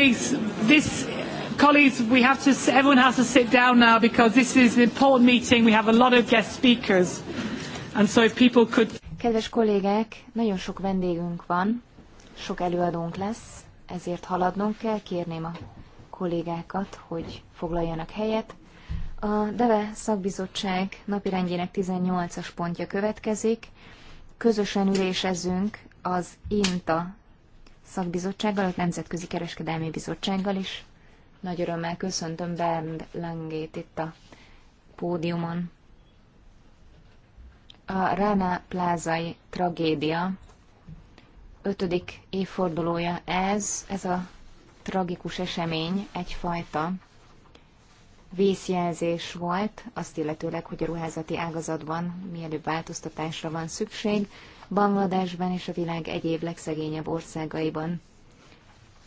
colleagues, this, colleagues, we have to, everyone has to sit down now because this is an important meeting. We have a lot of guest speakers. And so if people could... Kedves kollégák, nagyon sok vendégünk van, sok előadónk lesz, ezért haladnunk kell. Kérném a kollégákat, hogy foglaljanak helyet. A DEVE szakbizottság napirendjének 18-as pontja következik. Közösen ülésezünk az INTA szakbizottsággal, a Nemzetközi Kereskedelmi Bizottsággal is. Nagy örömmel köszöntöm Bernd Langét itt a pódiumon. A Rana plázai tragédia ötödik évfordulója ez, ez a tragikus esemény egyfajta vészjelzés volt, azt illetőleg, hogy a ruházati ágazatban mielőbb változtatásra van szükség. Bangladesben és a világ egyéb legszegényebb országaiban.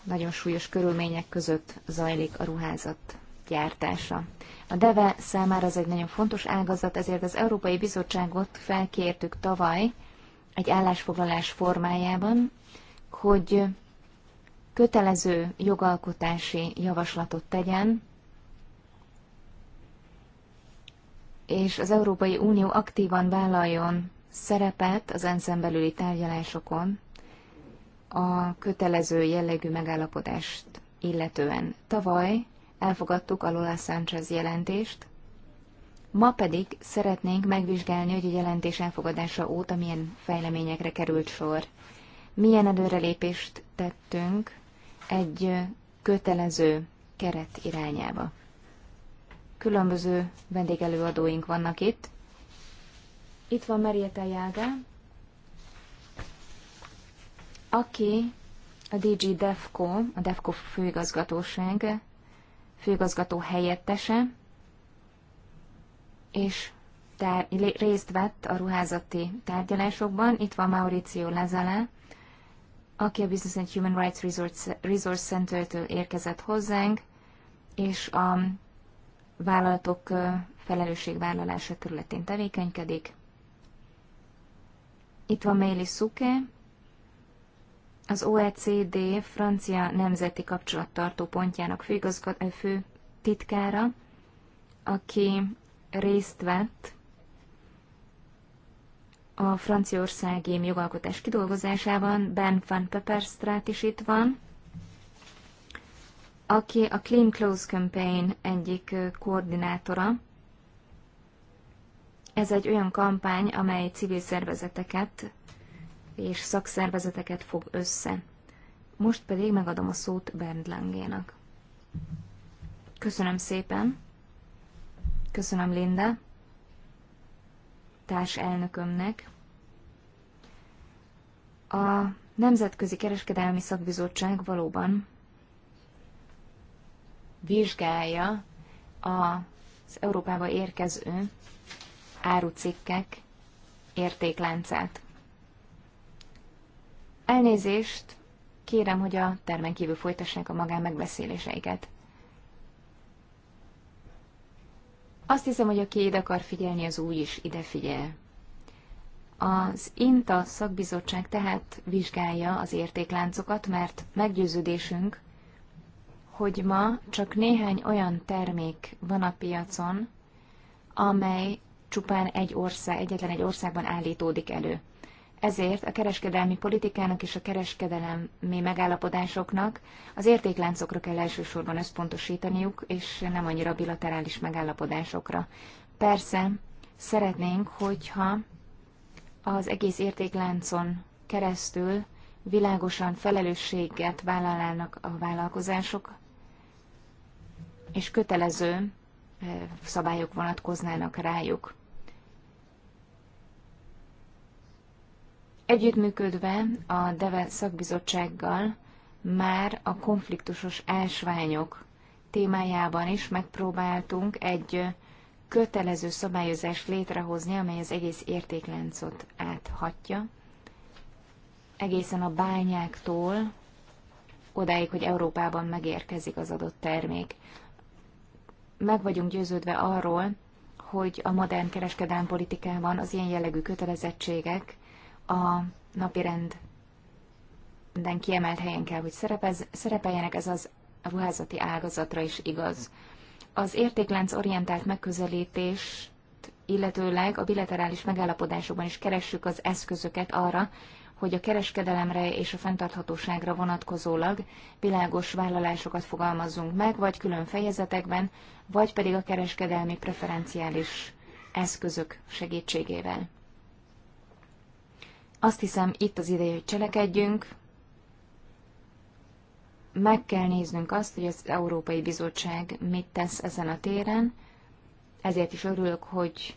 Nagyon súlyos körülmények között zajlik a ruházat gyártása. A DEVE számára ez egy nagyon fontos ágazat, ezért az Európai Bizottságot felkértük tavaly egy állásfoglalás formájában, hogy kötelező jogalkotási javaslatot tegyen, és az Európai Unió aktívan vállaljon szerepet az ensz belüli tárgyalásokon a kötelező jellegű megállapodást illetően. Tavaly elfogadtuk a Lola Sánchez jelentést, ma pedig szeretnénk megvizsgálni, hogy a jelentés elfogadása óta milyen fejleményekre került sor. Milyen előrelépést tettünk egy kötelező keret irányába. Különböző vendégelőadóink vannak itt, itt van Marietta Jága, aki a DG DEFCO, a DEFCO főigazgatóság főigazgató helyettese, és tár- részt vett a ruházati tárgyalásokban. Itt van Mauricio Lazala, aki a Business and Human Rights Resource, Resource Center-től érkezett hozzánk, és a vállalatok felelősségvállalása területén tevékenykedik. Itt van Méli Szuke, az OECD francia nemzeti kapcsolattartó pontjának fő titkára, aki részt vett a franciaországi jogalkotás kidolgozásában, Ben van Pepperstrát is itt van, aki a Clean Clothes Campaign egyik koordinátora, ez egy olyan kampány, amely civil szervezeteket és szakszervezeteket fog össze. Most pedig megadom a szót Bernd Langénak. Köszönöm szépen. Köszönöm Linda, társ elnökömnek. A Nemzetközi Kereskedelmi Szakbizottság valóban vizsgálja az Európába érkező árucikkek értékláncát. Elnézést, kérem, hogy a termen kívül folytassák a magán megbeszéléseiket. Azt hiszem, hogy aki ide akar figyelni, az úgy is ide figyel. Az INTA szakbizottság tehát vizsgálja az értékláncokat, mert meggyőződésünk, hogy ma csak néhány olyan termék van a piacon, amely csupán egy ország, egyetlen egy országban állítódik elő. Ezért a kereskedelmi politikának és a kereskedelmi megállapodásoknak az értékláncokra kell elsősorban összpontosítaniuk, és nem annyira bilaterális megállapodásokra. Persze, szeretnénk, hogyha az egész értékláncon keresztül világosan felelősséget vállalnának a vállalkozások, és kötelező eh, szabályok vonatkoznának rájuk. Együttműködve a DEVE szakbizottsággal már a konfliktusos ásványok témájában is megpróbáltunk egy kötelező szabályozást létrehozni, amely az egész értékláncot áthatja, egészen a bányáktól odáig, hogy Európában megérkezik az adott termék. Meg vagyunk győződve arról, hogy a modern kereskedelmi politikában az ilyen jellegű kötelezettségek a napi rend, minden kiemelt helyen kell, hogy szerepez, szerepeljenek, ez az ruházati ágazatra is igaz. Az értéklánc orientált megközelítés illetőleg a bilaterális megállapodásokban is keressük az eszközöket arra, hogy a kereskedelemre és a fenntarthatóságra vonatkozólag világos vállalásokat fogalmazzunk meg, vagy külön fejezetekben, vagy pedig a kereskedelmi preferenciális eszközök segítségével. Azt hiszem, itt az ideje, hogy cselekedjünk. Meg kell néznünk azt, hogy az Európai Bizottság mit tesz ezen a téren. Ezért is örülök, hogy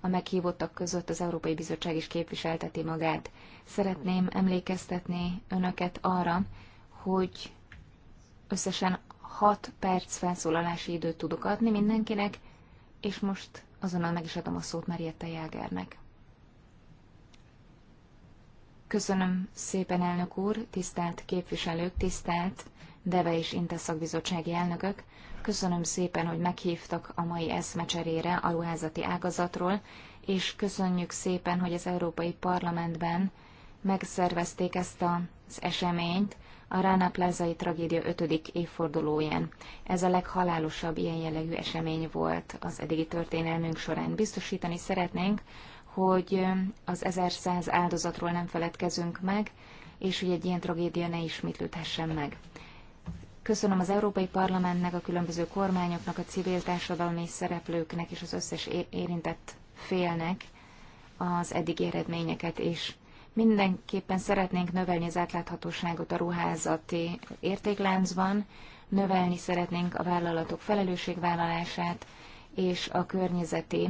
a meghívottak között az Európai Bizottság is képviselteti magát. Szeretném emlékeztetni önöket arra, hogy összesen 6 perc felszólalási időt tudok adni mindenkinek, és most azonnal meg is adom a szót Marietta Jágernek. Köszönöm szépen, elnök úr, tisztelt képviselők, tisztelt Deve és Inte szakbizottsági elnökök. Köszönöm szépen, hogy meghívtak a mai eszmecserére a ruházati ágazatról, és köszönjük szépen, hogy az Európai Parlamentben megszervezték ezt az eseményt a Rána plázai tragédia 5. évfordulóján. Ez a leghalálosabb ilyen jellegű esemény volt az eddigi történelmünk során. Biztosítani szeretnénk, hogy eh, az 1100 áldozatról nem feledkezünk meg, és hogy egy ilyen tragédia ne ismétlődhessen meg. Köszönöm az Európai Parlamentnek, a különböző kormányoknak, a civil társadalmi szereplőknek és az összes érintett félnek az eddigi eredményeket is. Mindenképpen szeretnénk növelni az átláthatóságot a ruházati értékláncban, növelni szeretnénk a vállalatok felelősségvállalását és a környezeti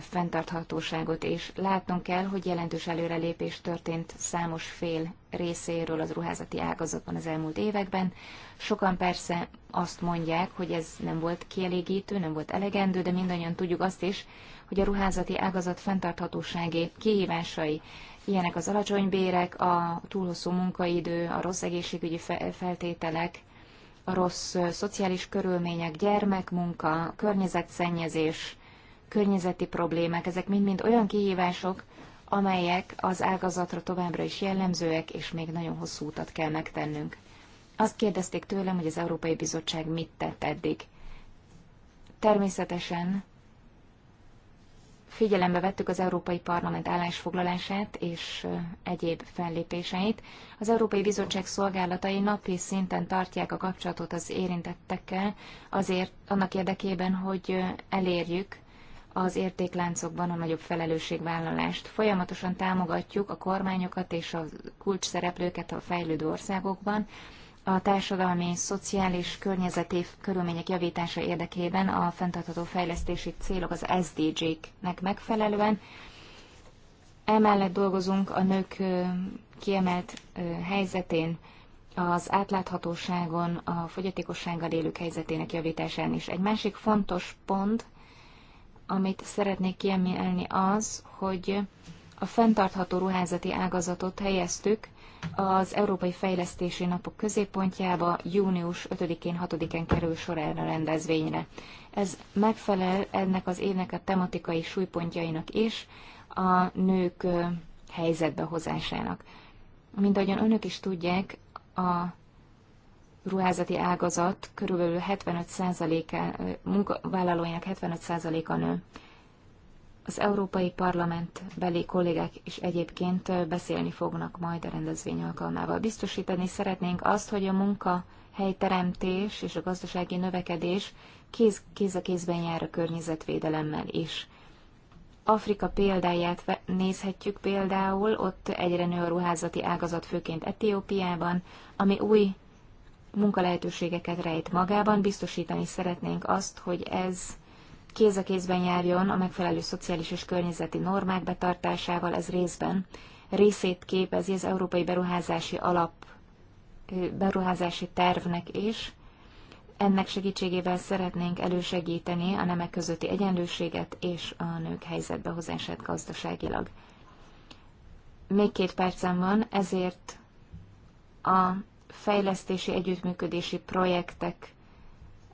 fenntarthatóságot, és látnunk kell, hogy jelentős előrelépés történt számos fél részéről az ruházati ágazatban az elmúlt években. Sokan persze azt mondják, hogy ez nem volt kielégítő, nem volt elegendő, de mindannyian tudjuk azt is, hogy a ruházati ágazat fenntarthatósági kihívásai, ilyenek az alacsony bérek, a túl hosszú munkaidő, a rossz egészségügyi feltételek, a rossz szociális körülmények, gyermekmunka, környezetszennyezés, környezeti problémák, ezek mind-mind olyan kihívások, amelyek az ágazatra továbbra is jellemzőek, és még nagyon hosszú utat kell megtennünk. Azt kérdezték tőlem, hogy az Európai Bizottság mit tett eddig. Természetesen figyelembe vettük az Európai Parlament állásfoglalását és egyéb fellépéseit. Az Európai Bizottság szolgálatai napi szinten tartják a kapcsolatot az érintettekkel, azért annak érdekében, hogy elérjük az értékláncokban a nagyobb felelősségvállalást. Folyamatosan támogatjuk a kormányokat és a kulcs szereplőket a fejlődő országokban, a társadalmi, szociális, környezeti körülmények javítása érdekében a fenntartható fejlesztési célok az SDG-knek megfelelően. Emellett dolgozunk a nők kiemelt helyzetén, az átláthatóságon, a fogyatékossággal élők helyzetének javításán is. Egy másik fontos pont amit szeretnék kiemelni az, hogy a fenntartható ruházati ágazatot helyeztük az Európai Fejlesztési Napok középpontjába június 5-én, 6 én kerül sor erre a rendezvényre. Ez megfelel ennek az évnek a tematikai súlypontjainak is, a nők helyzetbe hozásának. Mint ahogyan önök is tudják, a ruházati ágazat körülbelül 75%-a, munkavállalóinak 75%-a nő. Az Európai Parlament belé kollégák is egyébként beszélni fognak majd a rendezvény alkalmával. Biztosítani szeretnénk azt, hogy a munkahelyteremtés és a gazdasági növekedés kéz, kéz a kézben jár a környezetvédelemmel is. Afrika példáját nézhetjük például, ott egyre nő a ruházati ágazat, főként Etiópiában, ami új munkalehetőségeket rejt magában. Biztosítani szeretnénk azt, hogy ez kéz a kézben járjon a megfelelő szociális és környezeti normák betartásával, ez részben részét képezi az Európai Beruházási Alap beruházási tervnek is. Ennek segítségével szeretnénk elősegíteni a nemek közötti egyenlőséget és a nők helyzetbehozását gazdaságilag. Még két percem van, ezért a fejlesztési együttműködési projektek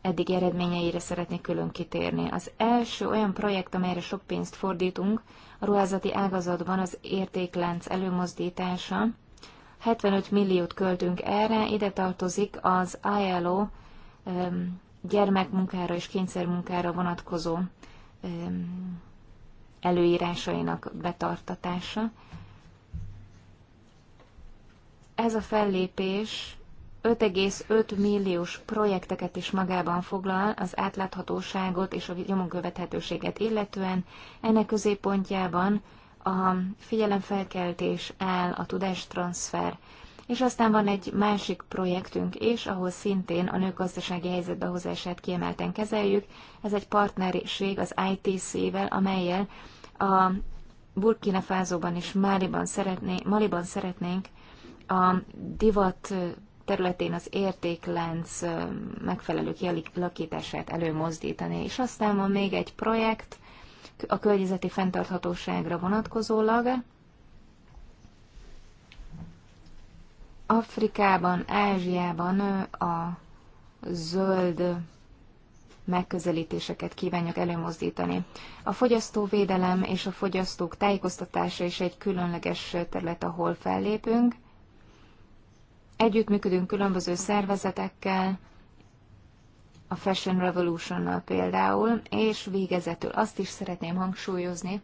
eddig eredményeire szeretnék külön kitérni. Az első olyan projekt, amelyre sok pénzt fordítunk, a ruházati ágazatban az értéklánc előmozdítása. 75 milliót költünk erre, ide tartozik az ILO gyermekmunkára és kényszermunkára vonatkozó előírásainak betartatása. Ez a fellépés 5,5 milliós projekteket is magában foglal az átláthatóságot és a nyomonkövethetőséget illetően. Ennek középpontjában a figyelemfelkeltés áll, a tudástranszfer, és aztán van egy másik projektünk is, ahol szintén a nőgazdasági helyzetbe hozását kiemelten kezeljük. Ez egy partnerség az ITC-vel, amelyel a Burkina Fázóban és Maliban, szeretnénk, Maliban szeretnénk a divat területén az értéklenc megfelelő kialakítását előmozdítani. És aztán van még egy projekt a környezeti fenntarthatóságra vonatkozólag. Afrikában, Ázsiában a zöld megközelítéseket kívánjuk előmozdítani. A fogyasztóvédelem és a fogyasztók tájékoztatása is egy különleges terület, ahol fellépünk. Együttműködünk különböző szervezetekkel, a Fashion Revolution-nal például, és végezetül azt is szeretném hangsúlyozni,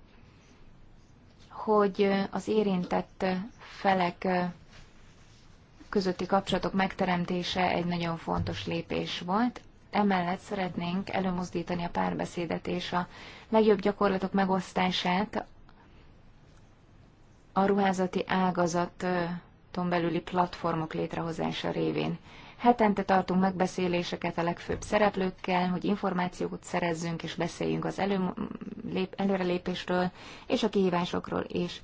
hogy az érintett felek közötti kapcsolatok megteremtése egy nagyon fontos lépés volt. Emellett szeretnénk előmozdítani a párbeszédet és a legjobb gyakorlatok megosztását a ruházati ágazat hálózaton belüli platformok létrehozása révén. Hetente tartunk megbeszéléseket a legfőbb szereplőkkel, hogy információt szerezzünk és beszéljünk az elő, lép, előrelépésről és a kihívásokról is.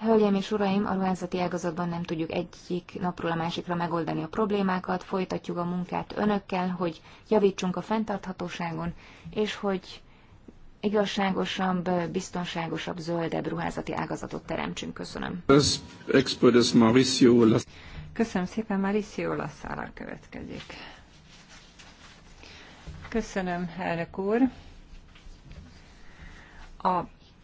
Hölgyeim és uraim, a ruházati ágazatban nem tudjuk egyik napról a másikra megoldani a problémákat, folytatjuk a munkát önökkel, hogy javítsunk a fenntarthatóságon, és hogy igazságosabb, biztonságosabb, zöldebb ruházati ágazatot teremtsünk. Köszönöm. Köszönöm szépen, Mauricio Lasszára következik. Köszönöm, elnök úr. A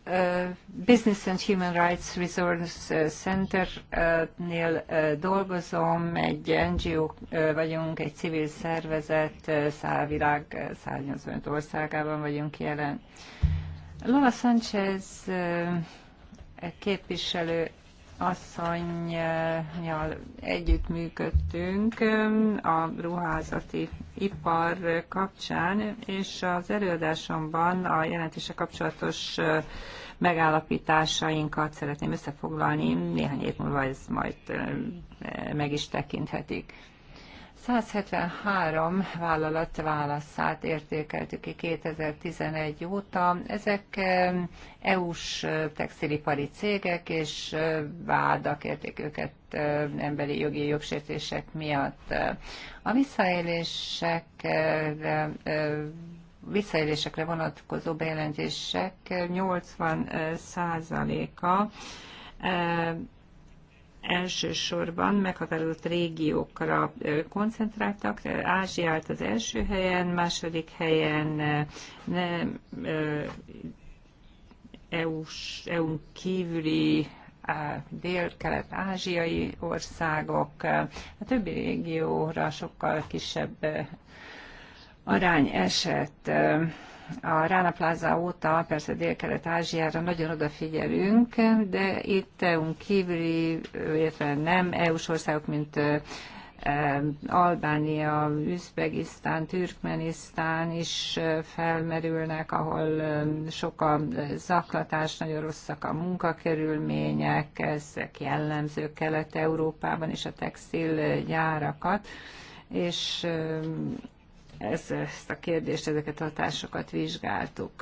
Uh, Business and Human Rights Resource uh, Center-nél uh, dolgozom, egy NGO vagyunk, egy civil szervezet, világ 185 országában vagyunk jelen. Lola Sanchez képviselő asszonynyal együttműködtünk a ruházati ipar kapcsán, és az előadásomban a jelentése kapcsolatos megállapításainkat szeretném összefoglalni. Néhány év múlva ez majd meg is tekinthetik. 173 vállalat válaszát értékeltük ki 2011 óta. Ezek EU-s textilipari cégek, és vádak érték őket emberi jogi jogsértések miatt. A visszaélések visszaélésekre vonatkozó bejelentések 80 százaléka elsősorban meghatározott régiókra koncentráltak. Ázsia állt az első helyen, második helyen eu EU-n kívüli dél-kelet-ázsiai országok, a többi régióra sokkal kisebb arány esett a Rána Plaza óta persze Dél-Kelet-Ázsiára nagyon odafigyelünk, de itt EU-n kívüli, illetve nem EU-s országok, mint Albánia, Üzbegisztán, Türkmenisztán is felmerülnek, ahol sok a zaklatás, nagyon rosszak a munkakörülmények, ezek jellemzők Kelet-Európában is a textilgyárakat, és ez, ezt a kérdést, ezeket a hatásokat vizsgáltuk.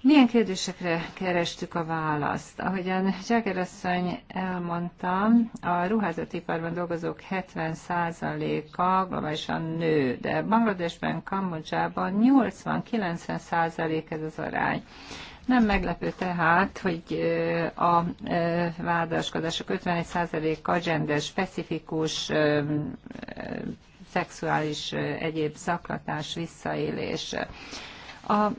Milyen kérdésekre kerestük a választ? Ahogyan Zsáker asszony elmondta, a ruházatiparban dolgozók 70%-a globálisan nő, de Bangladesben, Kambodzsában 80-90% ez az arány. Nem meglepő tehát, hogy a vádaskodások 51%-a gender specifikus szexuális egyéb zaklatás, visszaélés. A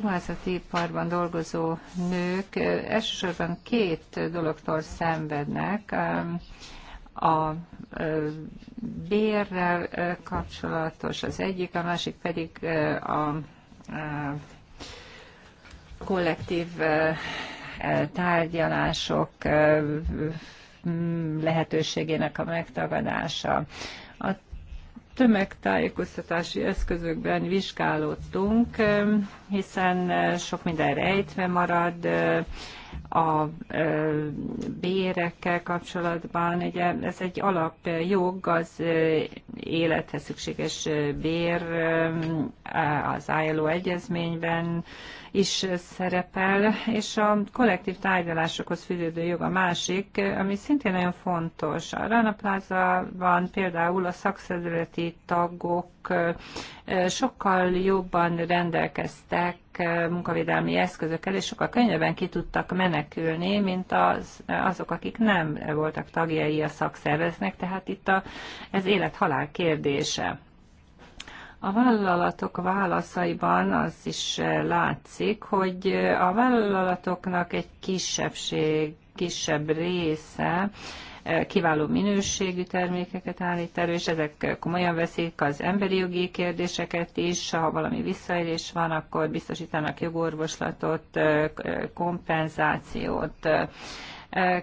ruházati iparban dolgozó nők elsősorban két dologtól szenvednek a bérrel kapcsolatos az egyik, a másik pedig a kollektív tárgyalások lehetőségének a megtagadása. A tömegtájékoztatási eszközökben vizsgálódtunk, hiszen eh, sok minden rejtve marad, eh, a eh, bérekkel kapcsolatban, ugye ez egy alapjog, az élethez szükséges bér az ILO egyezményben is szerepel, és a kollektív tárgyalásokhoz fűződő jog a másik, ami szintén nagyon fontos. A Rana Plaza-ban például a szakszervezeti tagok sokkal jobban rendelkeztek munkavédelmi eszközökkel, és sokkal könnyebben ki tudtak menekülni, mint az, azok, akik nem voltak tagjai a szakszerveznek, tehát itt a, ez élet-halál kérdése. A vállalatok válaszaiban az is eh, látszik, hogy eh, a vállalatoknak egy kisebbség, kisebb része eh, kiváló minőségű termékeket állít elő, és ezek komolyan veszik az emberi jogi kérdéseket is, ha valami visszaélés van, akkor biztosítanak jogorvoslatot, kompenzációt.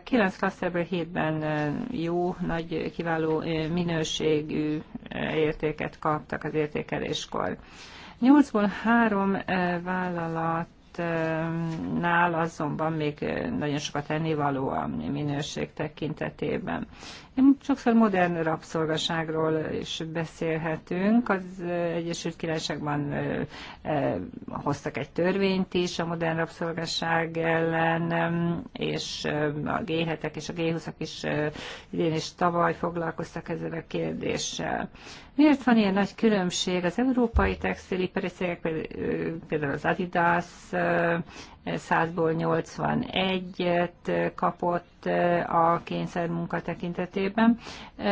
Kilenc klasszerből hétben jó, nagy, kiváló minőségű értéket kaptak az értékeléskor. Nyolcból három vállalat nál azonban még nagyon sokat ennivaló a minőség tekintetében. Én sokszor modern rabszolgaságról is beszélhetünk. Az Egyesült Királyságban eh, hoztak egy törvényt is a modern rabszolgaság ellen, és eh, a g és a g is eh, idén is tavaly foglalkoztak ezzel a kérdéssel. Miért van ilyen nagy különbség az európai textilipari cégek, például az Adidas 100-ból 81-et kapott a kényszermunka tekintetében,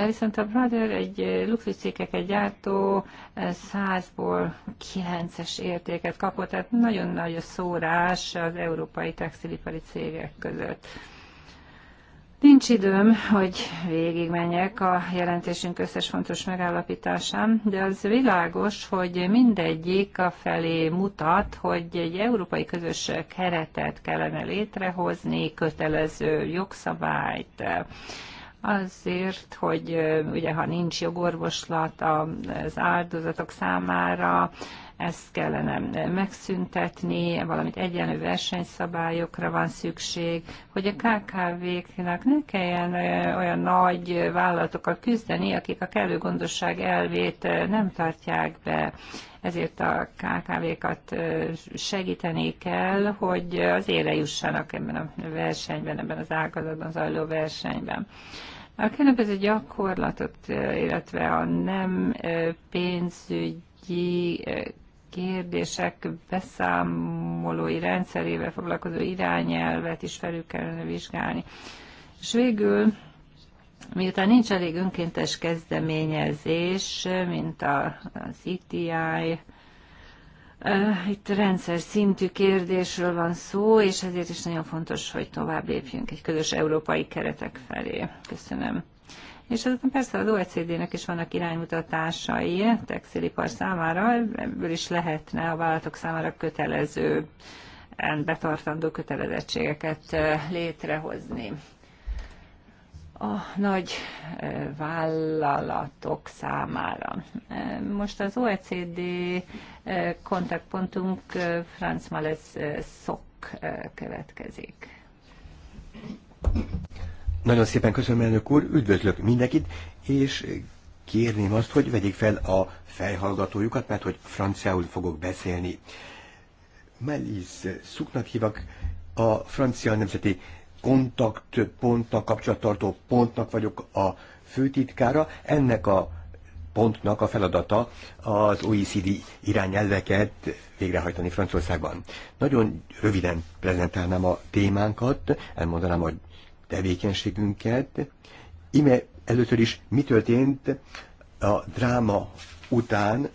viszont a Brother egy luxus egy gyártó 100-ból 9-es értéket kapott, tehát nagyon nagy a szórás az európai textilipari cégek között. Nincs időm, hogy végigmenjek a jelentésünk összes fontos megállapításán, de az világos, hogy mindegyik a felé mutat, hogy egy európai közös keretet kellene létrehozni, kötelező jogszabályt, azért, hogy ugye ha nincs jogorvoslat az áldozatok számára, ezt kellene megszüntetni, valamit egyenlő versenyszabályokra van szükség, hogy a KKV-knak ne kelljen olyan nagy vállalatokkal küzdeni, akik a kellő gondosság elvét nem tartják be ezért a KKV-kat segíteni kell, hogy az ére jussanak ebben a versenyben, ebben az ágazatban zajló versenyben. A különböző gyakorlatot, illetve a nem pénzügyi kérdések beszámolói rendszerével foglalkozó irányelvet is felül kellene vizsgálni. És végül Miután nincs elég önkéntes kezdeményezés, mint a, az ITI, e itt rendszer szintű kérdésről van szó, és ezért is nagyon fontos, hogy tovább lépjünk egy közös európai keretek felé. Köszönöm. És azután persze az OECD-nek is vannak iránymutatásai textilipar számára, ebből is lehetne a vállalatok számára kötelező, betartandó kötelezettségeket létrehozni a nagy eh, vállalatok számára. Eh, most az OECD eh, kontaktpontunk Franz Malesz Szok következik. Nagyon szépen köszönöm, elnök úr, üdvözlök mindenkit, és kérném azt, hogy vegyék fel a fejhallgatójukat, mert hogy franciául fogok beszélni. Melis Szuknak hívak, a francia nemzeti kontaktpontnak, kapcsolattartó pontnak vagyok a főtitkára. Ennek a pontnak a feladata az OECD irányelveket végrehajtani Franciaországban. Nagyon röviden prezentálnám a témánkat, elmondanám a tevékenységünket. Ime először is mi történt a dráma után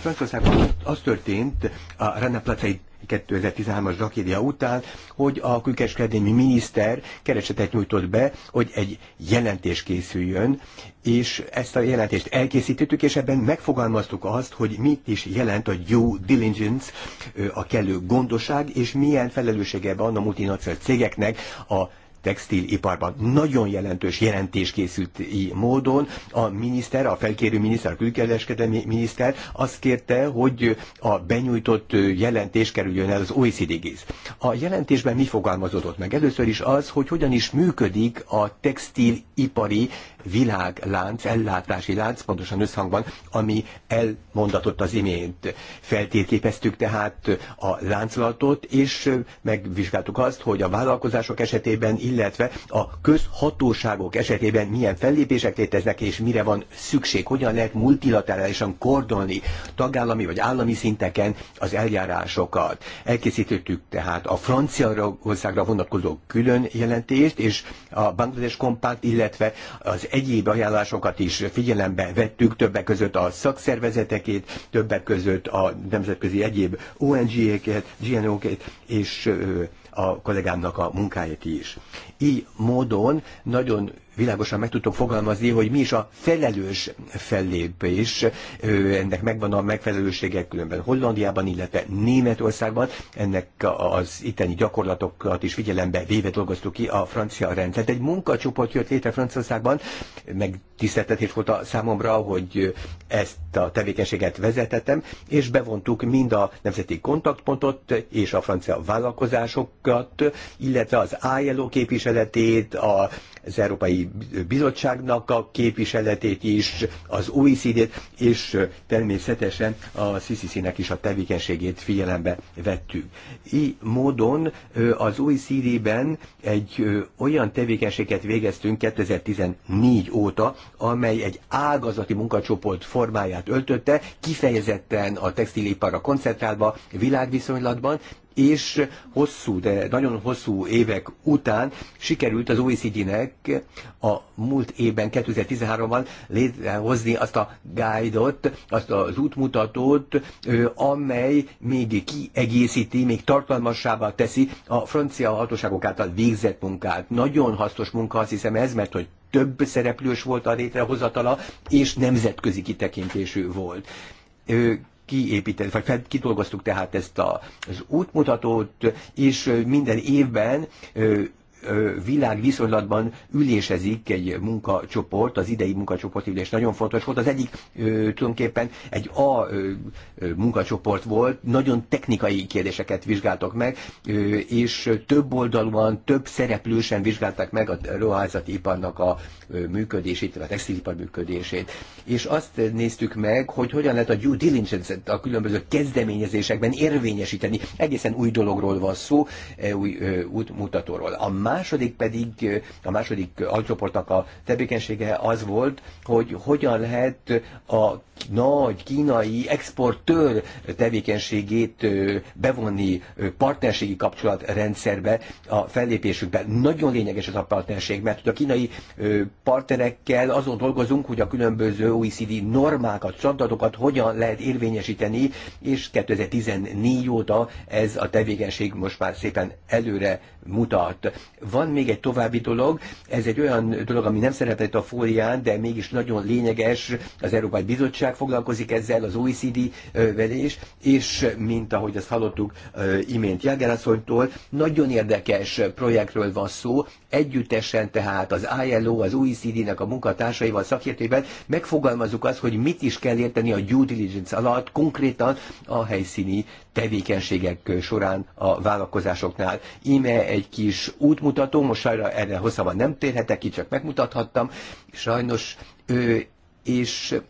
Franciaországban az történt a Rana Placai 2013-as rakédia után, hogy a külkereskedelmi miniszter keresetet nyújtott be, hogy egy jelentés készüljön, és ezt a jelentést elkészítettük, és ebben megfogalmaztuk azt, hogy mit is jelent a due diligence, a kellő gondosság, és milyen felelőssége van a multinacionalis cégeknek a textiliparban nagyon jelentős jelentés készült módon. A miniszter, a felkérő miniszter, a külkereskedelmi miniszter azt kérte, hogy a benyújtott jelentés kerüljön el az OECD-géz. A jelentésben mi fogalmazódott meg? Először is az, hogy hogyan is működik a textilipari világlánc, ellátási lánc pontosan összhangban, ami elmondatott az imént. Feltérképeztük tehát a láncolatot, és megvizsgáltuk azt, hogy a vállalkozások esetében, illetve a közhatóságok esetében milyen fellépések léteznek, és mire van szükség, hogyan lehet multilaterálisan kordolni tagállami vagy állami szinteken az eljárásokat. Elkészítettük tehát a Franciaországra vonatkozó külön jelentést, és a Bangladesh Compact, illetve az egyéb ajánlásokat is figyelembe vettük, többek között a szakszervezetekét, többek között a nemzetközi egyéb ONG-eket, GNO-ket, és a kollégámnak a munkáját is. Így módon nagyon világosan meg tudtok fogalmazni, hogy mi is a felelős fellépés, ennek megvan a megfelelőségek különben Hollandiában, illetve Németországban, ennek az itteni gyakorlatokat is figyelembe véve dolgoztuk ki a francia rendszert. Egy munkacsoport jött létre Franciaországban, meg tiszteltetés volt a számomra, hogy ezt a tevékenységet vezetettem, és bevontuk mind a nemzeti kontaktpontot és a francia vállalkozásokat, illetve az ILO képviseletét, a az Európai Bizottságnak a képviseletét is, az OECD-t, és természetesen a CCC-nek is a tevékenységét figyelembe vettük. Így módon az OECD-ben egy olyan tevékenységet végeztünk 2014 óta, amely egy ágazati munkacsoport formáját öltötte, kifejezetten a textilipara koncentrálva világviszonylatban, és hosszú, de nagyon hosszú évek után sikerült az OECD-nek a múlt évben, 2013-ban létrehozni azt a guide-ot, azt az útmutatót, amely még kiegészíti, még tartalmasabbá teszi a francia hatóságok által végzett munkát. Nagyon hasznos munka, azt hiszem ez, mert hogy több szereplős volt a létrehozatala, és nemzetközi kitekintésű volt kiépített, vagy kidolgoztuk tehát ezt az útmutatót, és minden évben világviszonylatban ülésezik egy munkacsoport, az idei munkacsoport ülés nagyon fontos volt. Az egyik tulajdonképpen egy A munkacsoport volt, nagyon technikai kérdéseket vizsgáltak meg, és több oldalúan, több szereplősen vizsgálták meg a ruházati iparnak a működését, a textilipar működését. És azt néztük meg, hogy hogyan lehet a due diligence a különböző kezdeményezésekben érvényesíteni. Egészen új dologról van szó, e, új útmutatóról. A második pedig, a második alcsoportnak a tevékenysége az volt, hogy hogyan lehet a nagy kínai exportőr tevékenységét bevonni partnerségi kapcsolatrendszerbe a fellépésükben. Nagyon lényeges ez a partnerség, mert a kínai partnerekkel azon dolgozunk, hogy a különböző OECD normákat, standardokat hogyan lehet érvényesíteni, és 2014 óta ez a tevékenység most már szépen előre mutat. Van még egy további dolog, ez egy olyan dolog, ami nem szerepelt a fólián, de mégis nagyon lényeges, az Európai Bizottság foglalkozik ezzel, az OECD vedés, és mint ahogy azt hallottuk imént Jágerászonytól, nagyon érdekes projektről van szó, együttesen tehát az ILO, az OECD-nek a munkatársaival, szakértőben megfogalmazunk azt, hogy mit is kell érteni a due diligence alatt konkrétan a helyszíni tevékenységek során a vállalkozásoknál. Íme egy kis útmutató, most sajra erre hosszabban nem térhetek ki, csak megmutathattam. Sajnos ő és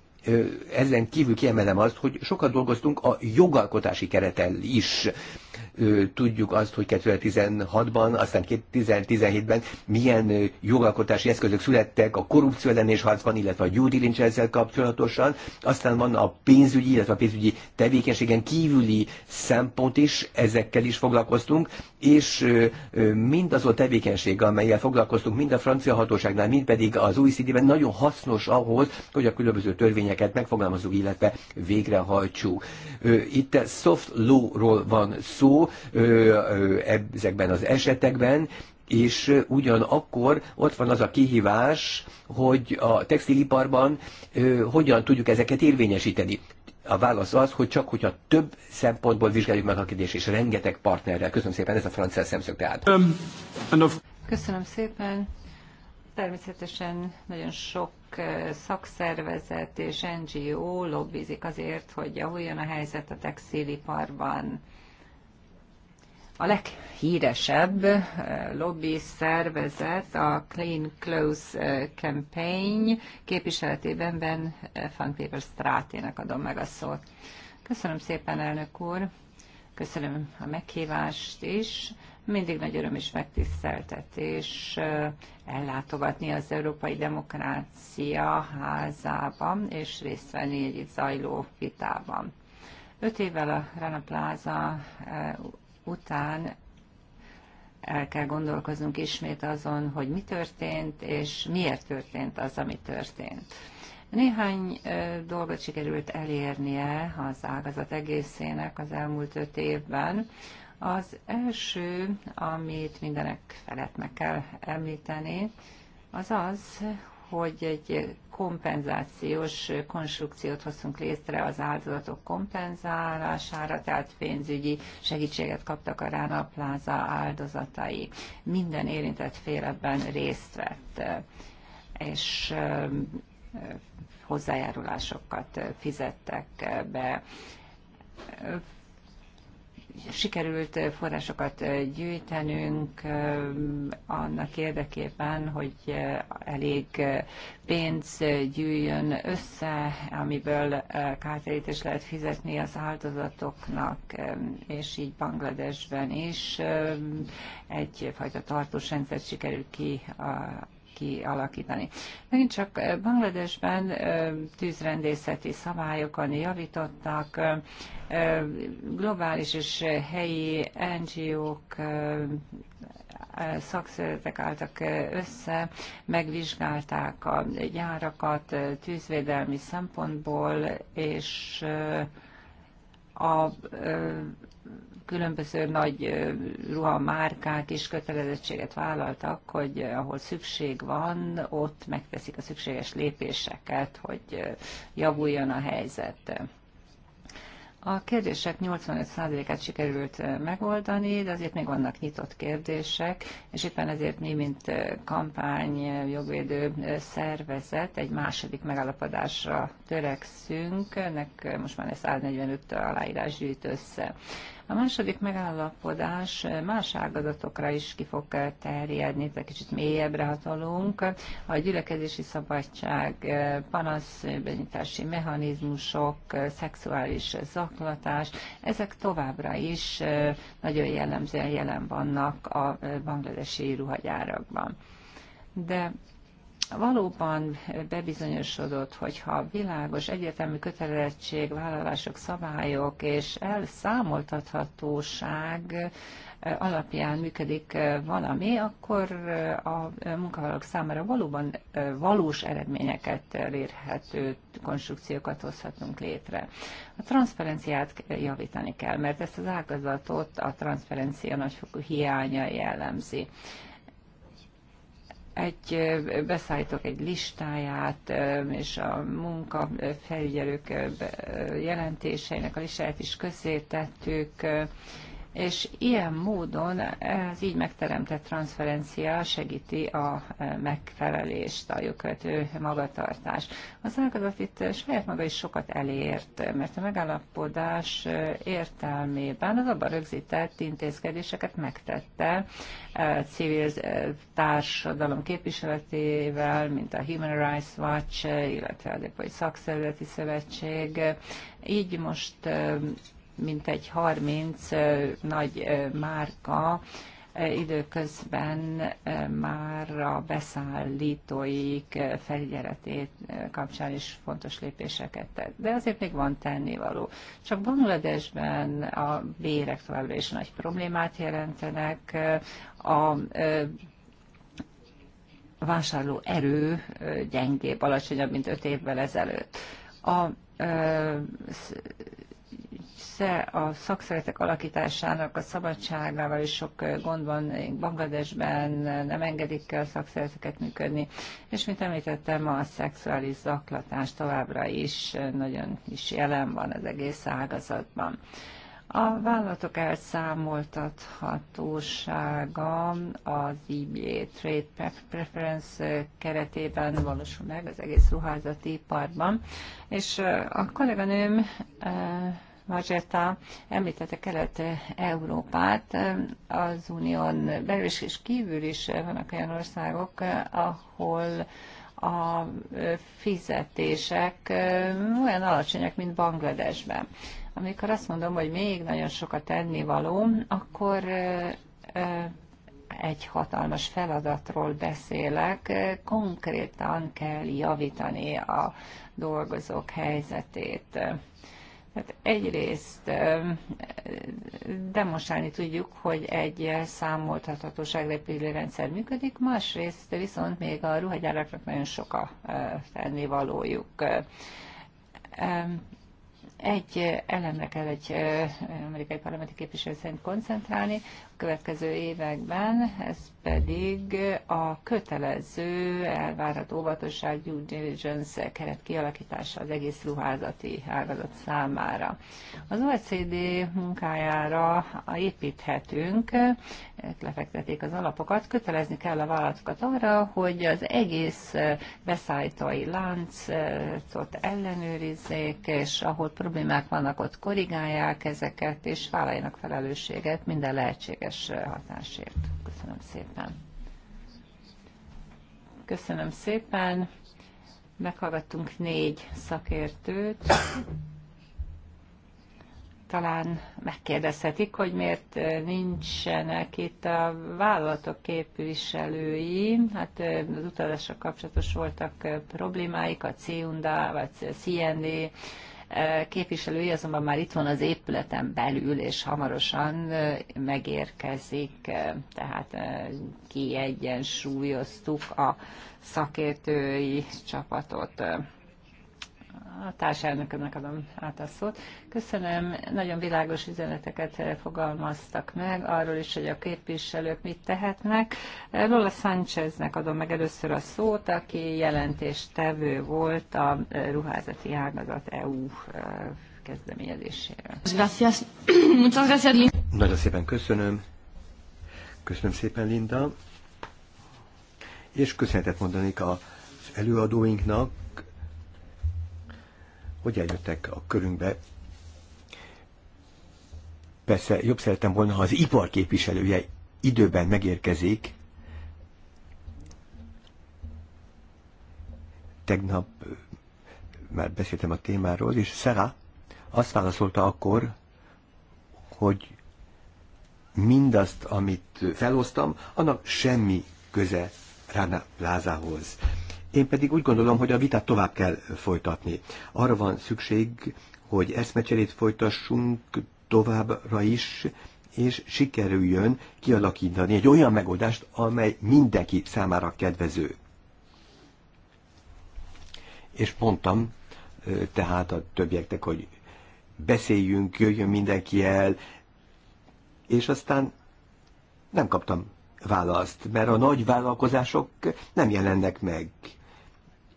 ezen kívül kiemelem azt, hogy sokat dolgoztunk a jogalkotási keretel is. Tudjuk azt, hogy 2016-ban, aztán 2017-ben milyen jogalkotási eszközök születtek a korrupció ellenés harcban, illetve a gyógyilincs ezzel kapcsolatosan. Aztán van a pénzügyi, illetve a pénzügyi tevékenységen kívüli szempont is, ezekkel is foglalkoztunk, és mind az a tevékenység, amelyel foglalkoztunk, mind a francia hatóságnál, mind pedig az OECD-ben nagyon hasznos ahhoz, hogy a különböző törvények követelményeket megfogalmazunk, illetve végrehajtsuk. Itt a soft law-ról van szó ezekben az esetekben, és ugyanakkor ott van az a kihívás, hogy a textiliparban hogyan tudjuk ezeket érvényesíteni. A válasz az, hogy csak hogyha több szempontból vizsgáljuk meg a kérdést, és rengeteg partnerrel. Köszönöm szépen, ez a francia szemszög tehát. Um, Köszönöm szépen. Természetesen nagyon sok szakszervezet és NGO lobbizik azért, hogy javuljon a helyzet a textiliparban. A leghíresebb lobby szervezet a Clean Clothes Campaign képviseletében Ben Funkever Strátének adom meg a szót. Köszönöm szépen, elnök úr! Köszönöm a meghívást is. Mindig nagy öröm és megtiszteltetés ellátogatni az Európai Demokrácia házában, és részt venni egy itt zajló vitában. Öt évvel a Rana Plaza után el kell gondolkoznunk ismét azon, hogy mi történt, és miért történt az, ami történt. Néhány dolgot sikerült elérnie az ágazat egészének az elmúlt öt évben. Az első, amit mindenek felett meg kell említeni, az az, hogy egy kompenzációs konstrukciót hoztunk létre az áldozatok kompenzálására, tehát pénzügyi segítséget kaptak a Rána Plaza áldozatai. Minden érintett fél ebben részt vett, és hozzájárulásokat fizettek be sikerült forrásokat gyűjtenünk annak érdekében, hogy elég pénz gyűjjön össze, amiből kártérítést lehet fizetni az áldozatoknak, és így Bangladesben is egyfajta tartós rendszert sikerült ki kialakítani. Megint csak eh, Bangladesben eh, tűzrendészeti szabályokon javítottak, eh, globális és helyi NGO-k szakszervezetek álltak össze, megvizsgálták a gyárakat tűzvédelmi szempontból, és a különböző nagy ruhamárkák is kötelezettséget vállaltak, hogy ahol szükség van, ott megteszik a szükséges lépéseket, hogy javuljon a helyzet. A kérdések 85%-át sikerült megoldani, de azért még vannak nyitott kérdések, és éppen ezért mi, mint kampány jogvédő szervezet, egy második megállapodásra törekszünk, ennek most már ez 145 aláírás gyűjt össze. A második megállapodás más ágazatokra is ki fog terjedni, tehát kicsit mélyebbre hatalunk. A gyülekezési szabadság, panaszbenyitási mechanizmusok, szexuális zaklatás, ezek továbbra is nagyon jellemzően jelen vannak a bangladesi ruhagyárakban. De Valóban bebizonyosodott, hogyha világos, egyetemű kötelezettség, vállalások, szabályok és elszámoltathatóság eh, alapján működik eh, valami, akkor eh, a munkavállalók számára valóban valós eredményeket elérhető konstrukciókat hozhatunk létre. A transzferenciát javítani kell, mert ezt az ágazatot a transzferencia nagyfokú hiánya jellemzi egy, beszállítok egy listáját, és a munkafelügyelők jelentéseinek a listáját is közzétettük, és ilyen módon az így megteremtett transferencia segíti a e, megfelelést, a jogkövető magatartást. Az ágazat itt saját maga is sokat elért, mert a megállapodás e, értelmében az abban rögzített intézkedéseket megtette e, civil társadalom képviseletével, mint a Human Rights Watch, illetve a Depoly Szakszervezeti Szövetség. Így most mintegy 30 nagy márka időközben már a beszállítóik felügyeletét kapcsán is fontos lépéseket tett. De azért még van tennivaló. Csak Bangladesben a bérek továbbra is nagy problémát jelentenek. A vásárló erő gyengébb, alacsonyabb, mint öt évvel ezelőtt. A a szakszeretek alakításának a szabadságával is sok gond van Bangladesben, nem engedik a szakszereteket működni, és mint említettem, a szexuális zaklatás továbbra is nagyon is jelen van az egész ágazatban. A vállalatok elszámoltathatósága az EBA Trade Preference keretében valósul meg az egész ruházati iparban, és a kolléganőm Marzseta említette Kelet-Európát, az unión belül is és kívül is vannak olyan országok, ahol a fizetések olyan alacsonyak, mint Bangladesben. Amikor azt mondom, hogy még nagyon sokat tennivaló, akkor egy hatalmas feladatról beszélek, konkrétan kell javítani a dolgozók helyzetét. Hát egyrészt demonstrálni tudjuk, hogy egy számolthatóság repülő rendszer működik, másrészt viszont még a ruhagyáraknak nagyon sok a tennivalójuk. Egy elemre kell egy amerikai parlamenti képviselő szerint koncentrálni, következő években, ez pedig a kötelező elvárható óvatosság due diligence keret kialakítása az egész ruházati ágazat számára. Az OECD munkájára építhetünk, lefektetik az alapokat, kötelezni kell a vállalatokat arra, hogy az egész beszállítói láncot ellenőrizzék, és ahol problémák vannak, ott korrigálják ezeket, és vállaljanak felelősséget minden lehetséges tényleges hatásért. Köszönöm szépen. Köszönöm szépen. Meghallgattunk négy szakértőt. Talán megkérdezhetik, hogy miért nincsenek itt a vállalatok képviselői. Hát az utazással kapcsolatos voltak problémáik, a Cunda vagy a CND képviselői azonban már itt van az épületen belül, és hamarosan megérkezik, tehát kiegyensúlyoztuk a szakértői csapatot a társelnökömnek adom át a szót. Köszönöm, nagyon világos üzeneteket eh, fogalmaztak meg, arról is, hogy a képviselők mit tehetnek. Eh, Lola Sáncheznek adom meg először a szót, aki jelentéstevő volt a eh, ruházati ágazat EU kezdeményezésére. Nagyon szépen köszönöm. Köszönöm szépen, Linda. És köszönetet mondanék az előadóinknak, hogy eljöttek a körünkbe. Persze jobb szeretem volna, ha az ipar képviselője időben megérkezik. Tegnap már beszéltem a témáról, és Szera azt válaszolta akkor, hogy mindazt, amit felhoztam, annak semmi köze Rána Lázához. Én pedig úgy gondolom, hogy a vitát tovább kell folytatni. Arra van szükség, hogy eszmecserét folytassunk továbbra is, és sikerüljön kialakítani egy olyan megoldást, amely mindenki számára kedvező. És mondtam tehát a többieknek, hogy beszéljünk, jöjjön mindenki el, és aztán nem kaptam választ, mert a nagy vállalkozások nem jelennek meg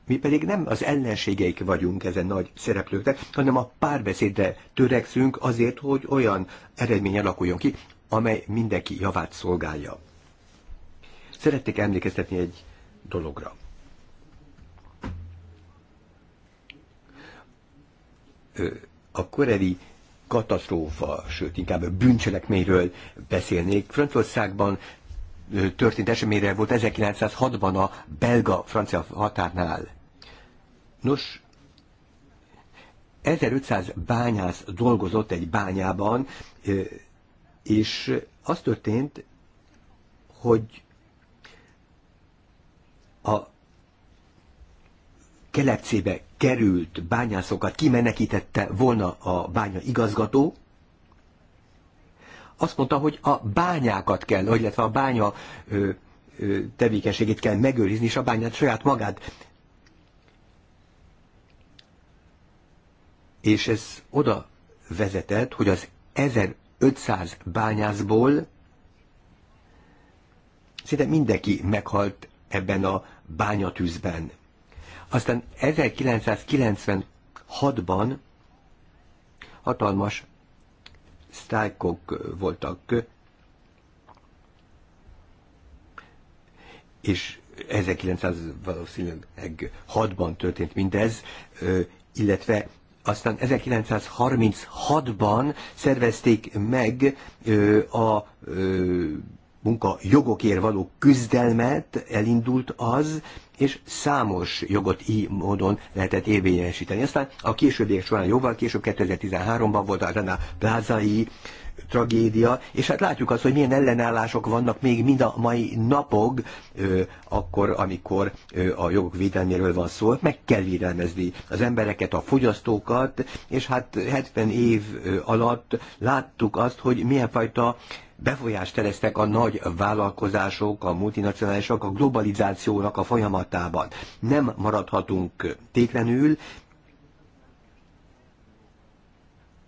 mi pedig nem az ellenségeik vagyunk ezen nagy szereplőknek, hanem a párbeszédre törekszünk azért, hogy olyan eredmény alakuljon ki, amely mindenki javát szolgálja. Szeretnék emlékeztetni egy dologra. A koreli katasztrófa, sőt inkább bűncselekményről beszélnék. Franciaországban történt eseményre volt 1906-ban a belga-francia határnál. Nos, 1500 bányász dolgozott egy bányában, és az történt, hogy a kelepcébe került bányászokat kimenekítette volna a bánya igazgató, azt mondta, hogy a bányákat kell, vagy illetve a bánya ö, ö, tevékenységét kell megőrizni, és a bányát saját magát. És ez oda vezetett, hogy az 1500 bányászból szinte mindenki meghalt ebben a bányatűzben. Aztán 1996-ban hatalmas sztrájkok voltak, és 1900 valószínűleg 6-ban történt mindez, illetve aztán 1936-ban szervezték meg a munka jogokért való küzdelmet elindult az, és számos jogot így módon lehetett érvényesíteni. Aztán a későbbiek során jóval később, 2013-ban volt a Rana plázai tragédia, és hát látjuk azt, hogy milyen ellenállások vannak még mind a mai napok, ö, akkor, amikor ö, a jogok védelméről van szó, meg kell védelmezni az embereket, a fogyasztókat, és hát 70 év alatt láttuk azt, hogy milyen fajta befolyást tereztek a nagy vállalkozások, a multinacionálisok a globalizációnak a folyamatában. Nem maradhatunk tétlenül,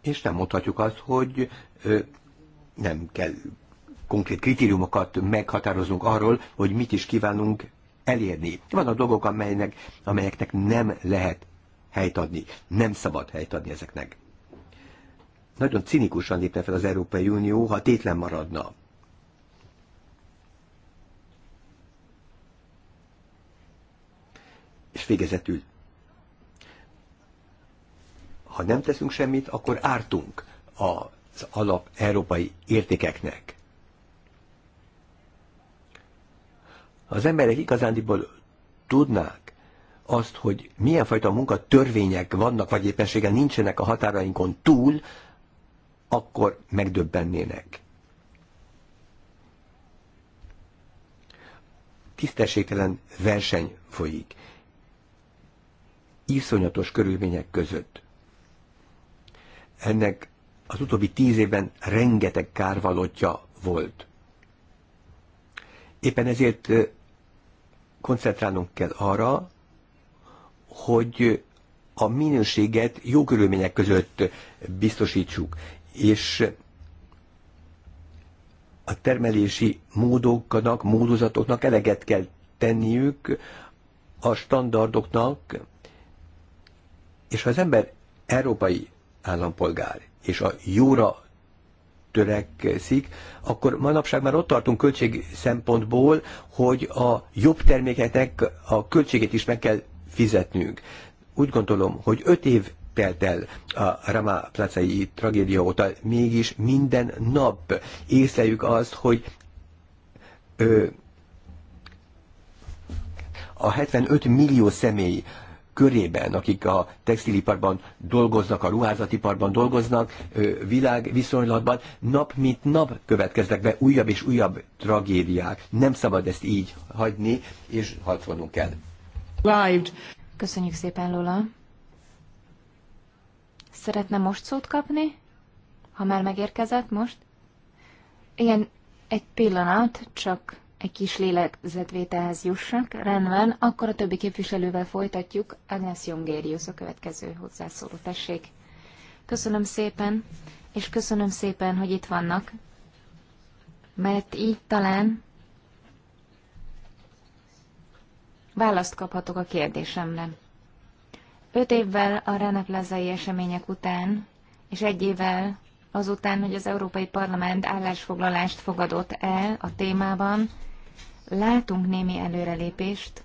és nem mondhatjuk azt, hogy ö, nem kell konkrét kritériumokat meghatároznunk arról, hogy mit is kívánunk elérni. a dolgok, amelynek, amelyeknek nem lehet helyt adni, nem szabad helyt adni ezeknek. Nagyon cinikusan lépne fel az Európai Unió, ha tétlen maradna. És végezetül, ha nem teszünk semmit, akkor ártunk az alap európai értékeknek. Az emberek igazándiból tudnák azt, hogy milyen fajta munkatörvények vannak, vagy éppenséggel nincsenek a határainkon túl, akkor megdöbbennének. Tisztességtelen verseny folyik. Iszonyatos körülmények között. Ennek az utóbbi tíz évben rengeteg kárvalotja volt. Éppen ezért koncentrálnunk kell arra, hogy a minőséget jó körülmények között biztosítsuk és a termelési módoknak, módozatoknak eleget kell tenniük a standardoknak, és ha az ember európai állampolgár, és a jóra törekszik, akkor manapság már ott tartunk költség szempontból, hogy a jobb termékeknek a költségét is meg kell fizetnünk. Úgy gondolom, hogy öt év el a Rama placai tragédia óta mégis minden nap észleljük azt, hogy ö, a 75 millió személy körében, akik a textiliparban dolgoznak, a ruházatiparban dolgoznak, világviszonylatban nap mint nap következnek be újabb és újabb tragédiák. Nem szabad ezt így hagyni, és harcolnunk kell. Köszönjük szépen, Lola szeretne most szót kapni? Ha már megérkezett most? Igen, egy pillanat, csak egy kis lélegzetvételhez jussak. Rendben, akkor a többi képviselővel folytatjuk. Agnes Jongérius a következő hozzászóló. Tessék! Köszönöm szépen, és köszönöm szépen, hogy itt vannak, mert így talán választ kaphatok a kérdésemre. Öt évvel a renaplazai események után, és egy évvel azután, hogy az Európai Parlament állásfoglalást fogadott el a témában, látunk némi előrelépést,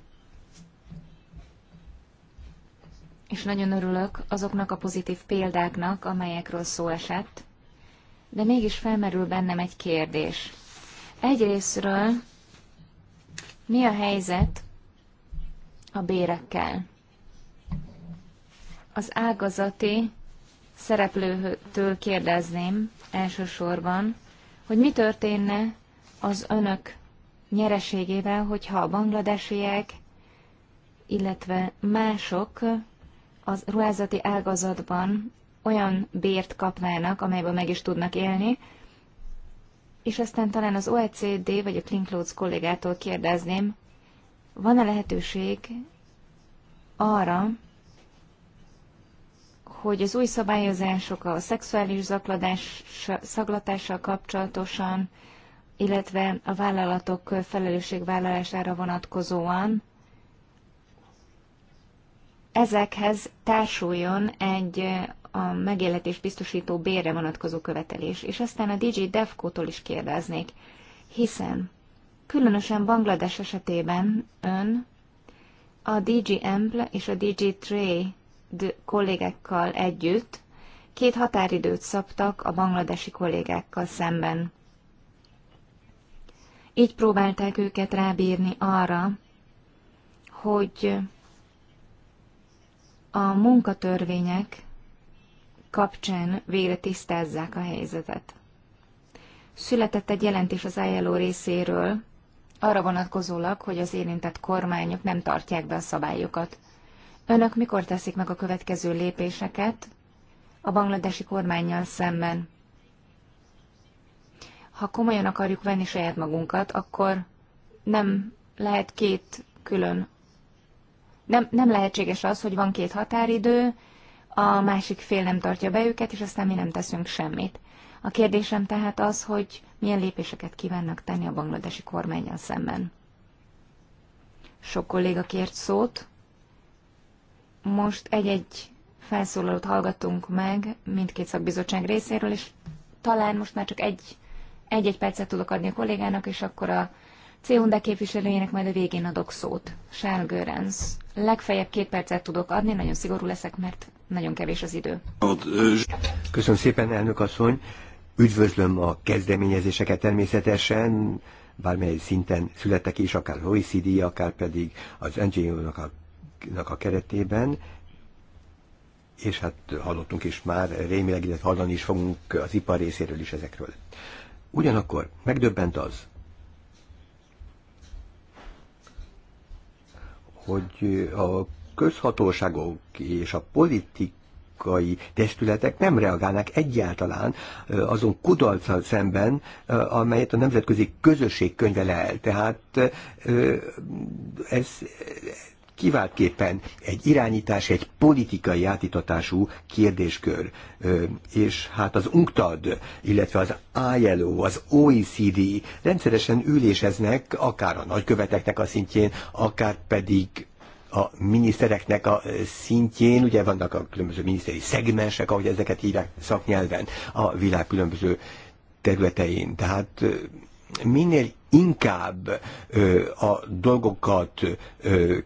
és nagyon örülök azoknak a pozitív példáknak, amelyekről szó esett, de mégis felmerül bennem egy kérdés. Egyrésztről mi a helyzet a bérekkel? Az ágazati szereplőtől kérdezném elsősorban, hogy mi történne az önök nyereségével, hogyha a bangladesiek, illetve mások az ruházati ágazatban olyan bért kapnának, amelyben meg is tudnak élni, és aztán talán az OECD vagy a Clean Clothes kollégától kérdezném, van-e lehetőség arra, hogy az új szabályozások a szexuális zakladás, szaglatással kapcsolatosan, illetve a vállalatok felelősségvállalására vonatkozóan ezekhez társuljon egy a megéletés biztosító bérre vonatkozó követelés, és aztán a DJ Defco-tól is kérdeznék, hiszen különösen Banglades esetében ön a DJ Ample és a DJ Tray kollégákkal együtt két határidőt szabtak a bangladesi kollégákkal szemben. Így próbálták őket rábírni arra, hogy a munkatörvények kapcsán végre tisztázzák a helyzetet. Született egy jelentés az ILO részéről, arra vonatkozólag, hogy az érintett kormányok nem tartják be a szabályokat. Önök mikor teszik meg a következő lépéseket a bangladesi kormányjal szemben? Ha komolyan akarjuk venni saját magunkat, akkor nem lehet két külön. Nem, nem lehetséges az, hogy van két határidő, a másik fél nem tartja be őket, és aztán mi nem teszünk semmit. A kérdésem tehát az, hogy milyen lépéseket kívánnak tenni a bangladesi kormányjal szemben. Sok kolléga kért szót. Most egy-egy felszólalót hallgattunk meg mindkét szakbizottság részéről, és talán most már csak egy, egy-egy percet tudok adni a kollégának, és akkor a CUNDA képviselőjének majd a végén adok szót. Sál Görenc. Legfeljebb két percet tudok adni, nagyon szigorú leszek, mert nagyon kevés az idő. Köszönöm szépen, elnök asszony. Üdvözlöm a kezdeményezéseket természetesen, bármely szinten születtek is, akár OECD, akár pedig az NGO-nak a a keretében, és hát hallottunk is már rémileg, illetve hallani is fogunk az ipar részéről is ezekről. Ugyanakkor megdöbbent az, hogy a közhatóságok és a politik politikai testületek nem reagálnak egyáltalán azon kudarccal szemben, amelyet a nemzetközi közösség könyvel el. Tehát ez kiváltképpen egy irányítás, egy politikai átítatású kérdéskör. És hát az UNCTAD, illetve az ILO, az OECD rendszeresen üléseznek, akár a nagyköveteknek a szintjén, akár pedig a minisztereknek a szintjén, ugye vannak a különböző miniszteri szegmensek, ahogy ezeket hívják szaknyelven a világ különböző területein. Tehát minél inkább a dolgokat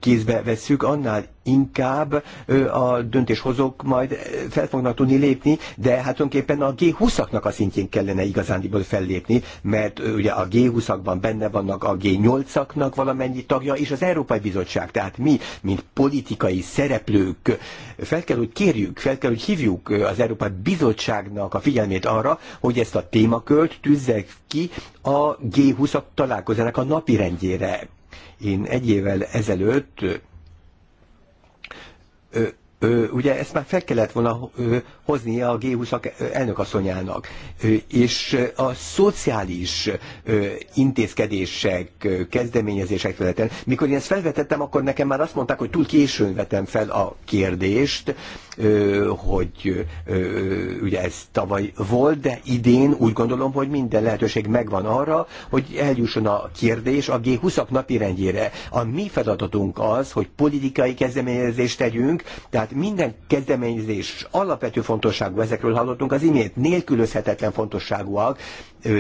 kézbe vesszük, annál inkább a döntéshozók majd fel fognak tudni lépni, de hát tulajdonképpen a G20-aknak a szintjén kellene igazándiból fellépni, mert ugye a G20-akban benne vannak a G8-aknak valamennyi tagja, és az Európai Bizottság. Tehát mi, mint politikai szereplők, fel kell, hogy kérjük, fel kell, hogy hívjuk az Európai Bizottságnak a figyelmét arra, hogy ezt a témakört tűzzek ki a G20-ak találkozának a napi rendjére. Én egy évvel ezelőtt ö, ö, ugye ezt már fel kellett volna ö, hoznia a G20-ak elnökasszonyának. És a szociális ö, intézkedések, kezdeményezések területen, mikor én ezt felvetettem, akkor nekem már azt mondták, hogy túl későn vetem fel a kérdést, hogy ugye ez tavaly volt, de idén úgy gondolom, hogy minden lehetőség megvan arra, hogy eljusson a kérdés a G20-ak napirendjére. A mi feladatunk az, hogy politikai kezdeményezést tegyünk, tehát minden kezdeményezés alapvető fontosságú, ezekről hallottunk az imént, nélkülözhetetlen fontosságúak,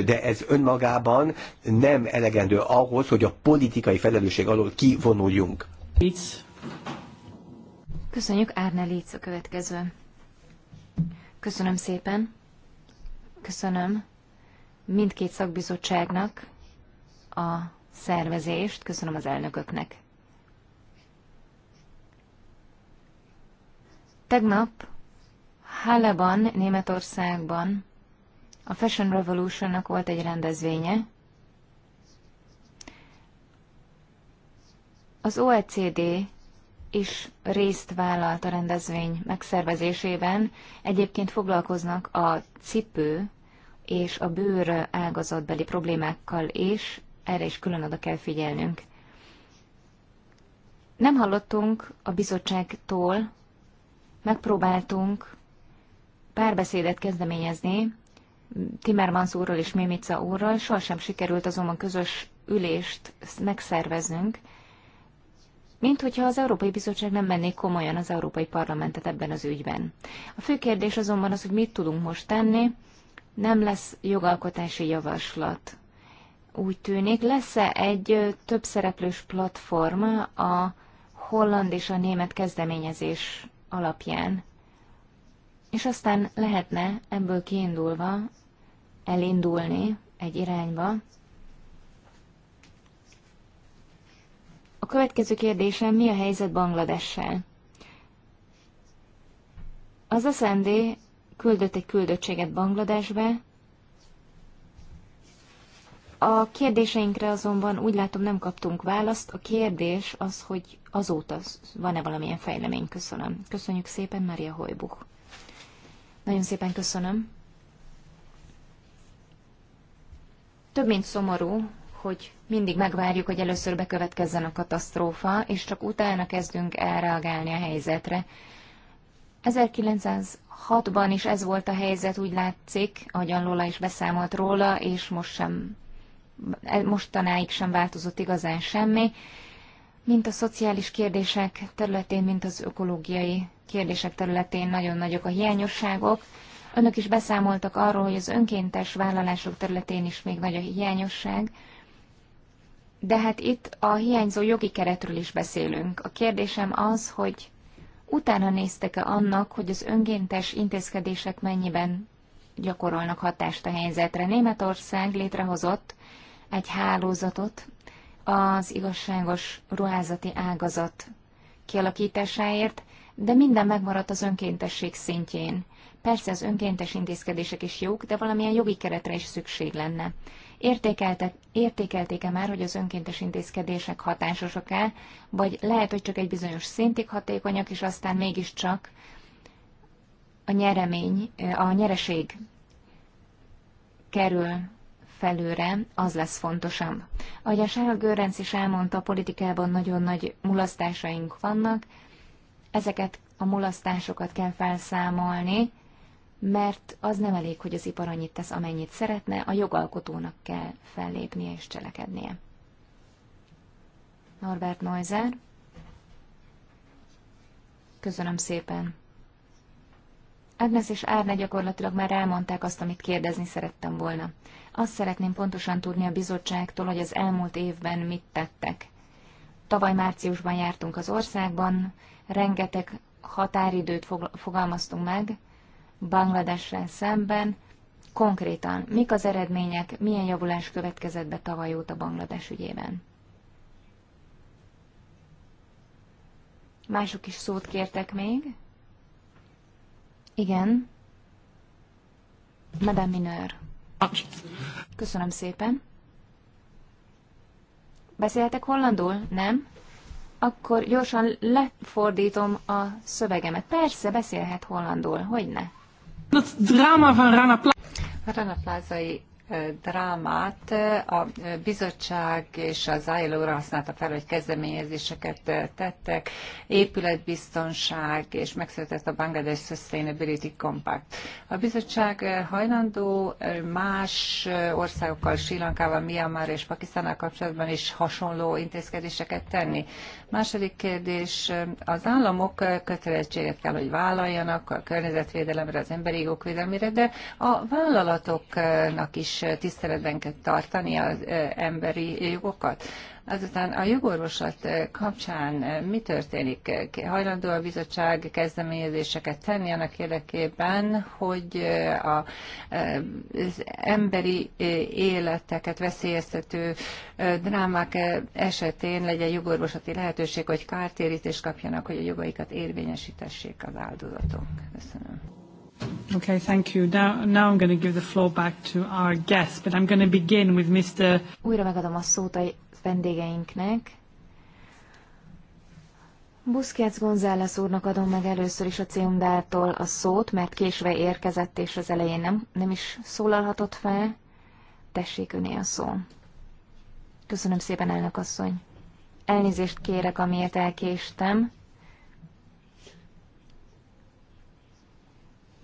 de ez önmagában nem elegendő ahhoz, hogy a politikai felelősség alól kivonuljunk. It's Köszönjük, Árne Léc a következő. Köszönöm szépen. Köszönöm mindkét szakbizottságnak a szervezést, köszönöm az elnököknek. Tegnap Halleban, Németországban a Fashion Revolutionnak volt egy rendezvénye. Az OECD is részt vállalt a rendezvény megszervezésében. Egyébként foglalkoznak a cipő és a bőr ágazatbeli problémákkal is, erre is külön oda kell figyelnünk. Nem hallottunk a bizottságtól, megpróbáltunk párbeszédet kezdeményezni Timmermans úrral és Mimica úrral, sohasem sikerült azonban közös ülést megszerveznünk, mint hogyha az Európai Bizottság nem menné komolyan az Európai Parlamentet ebben az ügyben. A fő kérdés azonban az, hogy mit tudunk most tenni, nem lesz jogalkotási javaslat. Úgy tűnik, lesz-e egy több szereplős platforma a holland és a német kezdeményezés alapján? És aztán lehetne ebből kiindulva elindulni egy irányba, A következő kérdésem, mi a helyzet Bangladessel? Az SND küldött egy küldöttséget Bangladesbe. A kérdéseinkre azonban úgy látom nem kaptunk választ. A kérdés az, hogy azóta van-e valamilyen fejlemény. Köszönöm. Köszönjük szépen, Maria Hojbuch. Nagyon szépen köszönöm. Több mint szomorú, hogy mindig megvárjuk, hogy először bekövetkezzen a katasztrófa, és csak utána kezdünk el reagálni a helyzetre. 1906-ban is ez volt a helyzet, úgy látszik, ahogyan Lola is beszámolt róla, és most sem, e, mostanáig sem változott igazán semmi. Mint a szociális kérdések területén, mint az ökológiai kérdések területén nagyon nagyok a hiányosságok. Önök is beszámoltak arról, hogy az önkéntes vállalások területén is még nagy a hiányosság. De hát itt a hiányzó jogi keretről is beszélünk. A kérdésem az, hogy utána néztek-e annak, hogy az önkéntes intézkedések mennyiben gyakorolnak hatást a helyzetre. Németország létrehozott egy hálózatot az igazságos ruházati ágazat kialakításáért, de minden megmaradt az önkéntesség szintjén. Persze az önkéntes intézkedések is jók, de valamilyen jogi keretre is szükség lenne. Értékelték-e már, hogy az önkéntes intézkedések hatásosak-e, vagy lehet, hogy csak egy bizonyos szintig hatékonyak, és aztán mégiscsak a nyeremény, a nyereség kerül felőre, az lesz fontosabb. Ahogy a Sára Görenc is elmondta, a politikában nagyon nagy mulasztásaink vannak, ezeket a mulasztásokat kell felszámolni, mert az nem elég, hogy az ipar annyit tesz, amennyit szeretne, a jogalkotónak kell fellépnie és cselekednie. Norbert Neuser. Köszönöm szépen. Agnes és Árne gyakorlatilag már elmondták azt, amit kérdezni szerettem volna. Azt szeretném pontosan tudni a bizottságtól, hogy az elmúlt évben mit tettek. Tavaly márciusban jártunk az országban, rengeteg határidőt fogalmaztunk meg, Bangladessel szemben. Konkrétan, mik az eredmények, milyen javulás következett be tavaly óta Banglades ügyében? Mások is szót kértek még. Igen. Madame Minör. Köszönöm szépen. Beszéltek hollandul, nem? Akkor gyorsan lefordítom a szövegemet. Persze, beszélhet hollandul, hogy ne? Het drama van Rana Plaza. Rana Plázai drámát a bizottság és az ILO-ra használta fel, hogy kezdeményezéseket tettek, épületbiztonság, és megszületett a Bangladesh Sustainability Compact. A bizottság hajlandó más országokkal, Sri Lankával, Myanmar és Pakisztánnal kapcsolatban is hasonló intézkedéseket tenni. Második kérdés, az államok kötelezettséget kell, hogy vállaljanak a környezetvédelemre, az emberi jogok védelmére, de a vállalatoknak is is tiszteletben kell tartani az emberi jogokat. Azután a jogorvoslat kapcsán mi történik? Hajlandó a bizottság kezdeményezéseket tenni annak érdekében, hogy az emberi életeket veszélyeztető drámák esetén legyen jogorvoslati lehetőség, hogy kártérítést kapjanak, hogy a jogaikat érvényesítessék az áldozatok. Köszönöm. Okay, thank you. Now, now I'm going to give the floor back to our guests, but I'm going to begin with Mr. Újra megadom a szót a vendégeinknek. Busquets González úrnak adom meg először is a Ciumdától a szót, mert késve érkezett, és az elején nem, nem is szólalhatott fel. Tessék öné a szó. Köszönöm szépen, elnök asszony. Elnézést kérek, amiért elkéstem.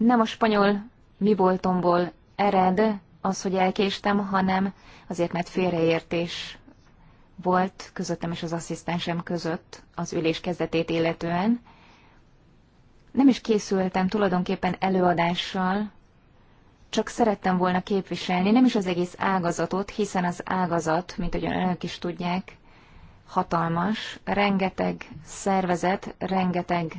nem a spanyol mi voltomból ered az, hogy elkéstem, hanem azért, mert félreértés volt közöttem és az asszisztensem között az ülés kezdetét illetően. Nem is készültem tulajdonképpen előadással, csak szerettem volna képviselni, nem is az egész ágazatot, hiszen az ágazat, mint ahogyan önök is tudják, hatalmas, rengeteg szervezet, rengeteg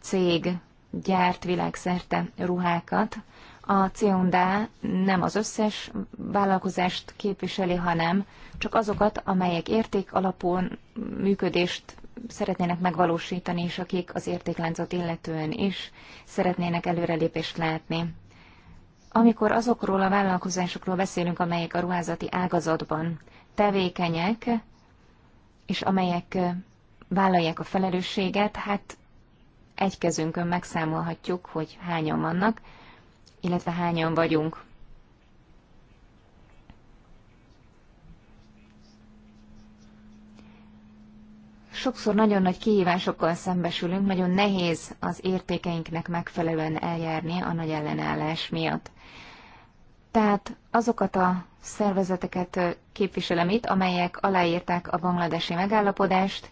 cég gyárt világszerte ruhákat. A Ciondá nem az összes vállalkozást képviseli, hanem csak azokat, amelyek érték alapon működést szeretnének megvalósítani, és akik az értékláncot illetően is szeretnének előrelépést látni. Amikor azokról a vállalkozásokról beszélünk, amelyek a ruházati ágazatban tevékenyek, és amelyek vállalják a felelősséget, hát egy kezünkön megszámolhatjuk, hogy hányan vannak, illetve hányan vagyunk. Sokszor nagyon nagy kihívásokkal szembesülünk, nagyon nehéz az értékeinknek megfelelően eljárni a nagy ellenállás miatt. Tehát azokat a szervezeteket képviselem itt, amelyek aláírták a bangladesi megállapodást,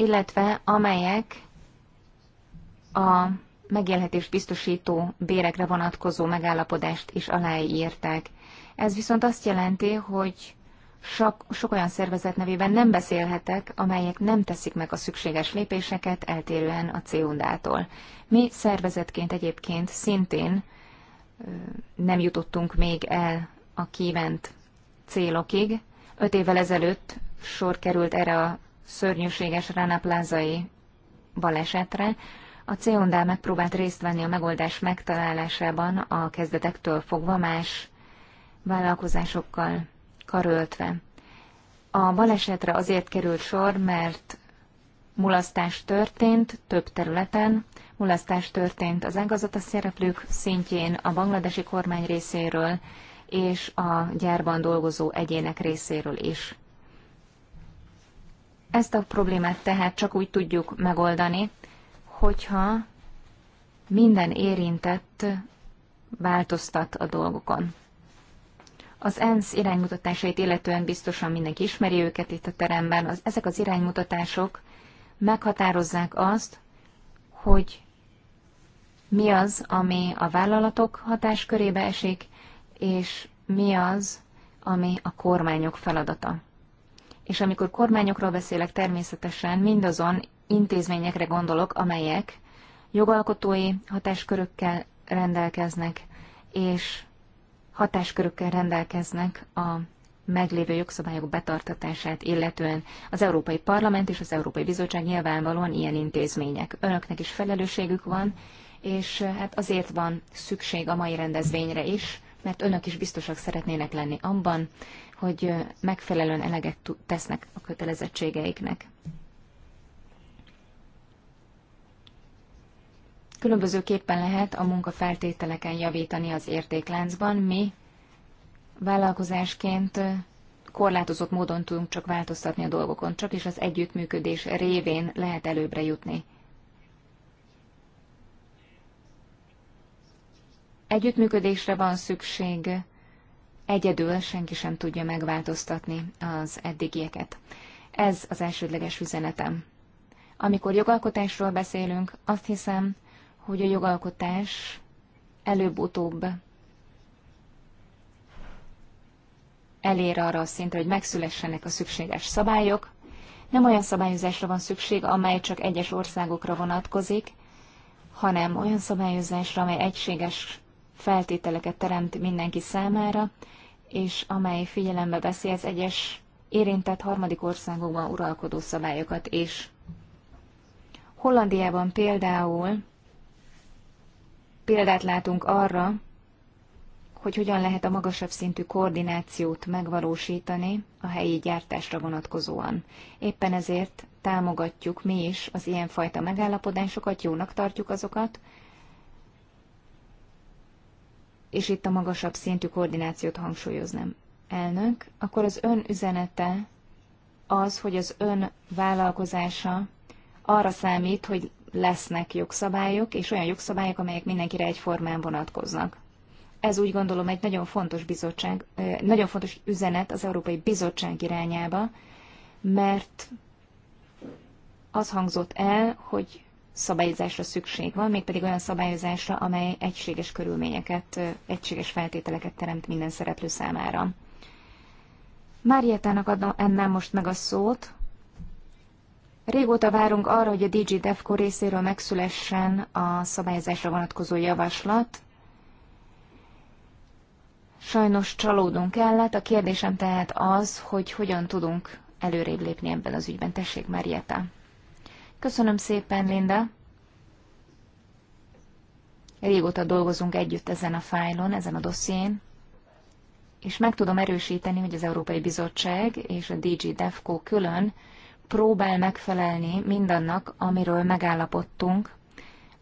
illetve amelyek a megélhetés biztosító bérekre vonatkozó megállapodást is aláírták. Ez viszont azt jelenti, hogy sok, sok olyan szervezet nevében nem beszélhetek, amelyek nem teszik meg a szükséges lépéseket eltérően a cuda tól Mi szervezetként egyébként szintén nem jutottunk még el a kívánt célokig. Öt évvel ezelőtt sor került erre a szörnyűséges Rana balesetre, a Ceondá megpróbált részt venni a megoldás megtalálásában a kezdetektől fogva más vállalkozásokkal karöltve. A balesetre azért került sor, mert mulasztás történt több területen, mulasztás történt az ágazata szereplők szintjén, a bangladesi kormány részéről és a gyárban dolgozó egyének részéről is. Ezt a problémát tehát csak úgy tudjuk megoldani, hogyha minden érintett változtat a dolgokon. Az ENSZ iránymutatásait illetően biztosan mindenki ismeri őket itt a teremben. Az, ezek az iránymutatások meghatározzák azt, hogy mi az, ami a vállalatok hatáskörébe esik, és mi az, ami a kormányok feladata és amikor kormányokról beszélek, természetesen mindazon intézményekre gondolok, amelyek jogalkotói hatáskörökkel rendelkeznek, és hatáskörökkel rendelkeznek a meglévő jogszabályok betartatását illetően. Az Európai Parlament és az Európai Bizottság nyilvánvalóan ilyen intézmények. Önöknek is felelősségük van, és eh, hát azért van szükség a mai rendezvényre is, mert önök is biztosak szeretnének lenni abban, hogy megfelelően eleget tesznek a kötelezettségeiknek. Különbözőképpen lehet a munkafeltételeken javítani az értékláncban, mi vállalkozásként korlátozott módon tudunk csak változtatni a dolgokon, csak is az együttműködés révén lehet előbbre jutni. Együttműködésre van szükség, egyedül senki sem tudja megváltoztatni az eddigieket. Ez az elsődleges üzenetem. Amikor jogalkotásról beszélünk, azt hiszem, hogy a jogalkotás előbb-utóbb elér arra a szintre, hogy megszülessenek a szükséges szabályok. Nem olyan szabályozásra van szükség, amely csak egyes országokra vonatkozik, hanem olyan szabályozásra, amely egységes feltételeket teremt mindenki számára, és amely figyelembe veszi az egyes érintett harmadik országokban uralkodó szabályokat is. Hollandiában például példát látunk arra, hogy hogyan lehet a magasabb szintű koordinációt megvalósítani a helyi gyártásra vonatkozóan. Éppen ezért támogatjuk mi is az ilyenfajta megállapodásokat, jónak tartjuk azokat, és itt a magasabb szintű koordinációt hangsúlyoznám. Elnök, akkor az ön üzenete az, hogy az ön vállalkozása arra számít, hogy lesznek jogszabályok, és olyan jogszabályok, amelyek mindenkire egyformán vonatkoznak. Ez úgy gondolom egy nagyon fontos, bizottság, nagyon fontos üzenet az Európai Bizottság irányába, mert az hangzott el, hogy szabályozásra szükség van, mégpedig olyan szabályozásra, amely egységes körülményeket, egységes feltételeket teremt minden szereplő számára. Márietának adnám most meg a szót. Régóta várunk arra, hogy a DG DEFCO részéről megszülessen a szabályozásra vonatkozó javaslat. Sajnos csalódunk kellett, a kérdésem tehát az, hogy hogyan tudunk előrébb lépni ebben az ügyben. Tessék, Marietta! Köszönöm szépen, Linda. Régóta dolgozunk együtt ezen a fájlon, ezen a dosszién, és meg tudom erősíteni, hogy az Európai Bizottság és a DG DEFCO külön próbál megfelelni mindannak, amiről megállapodtunk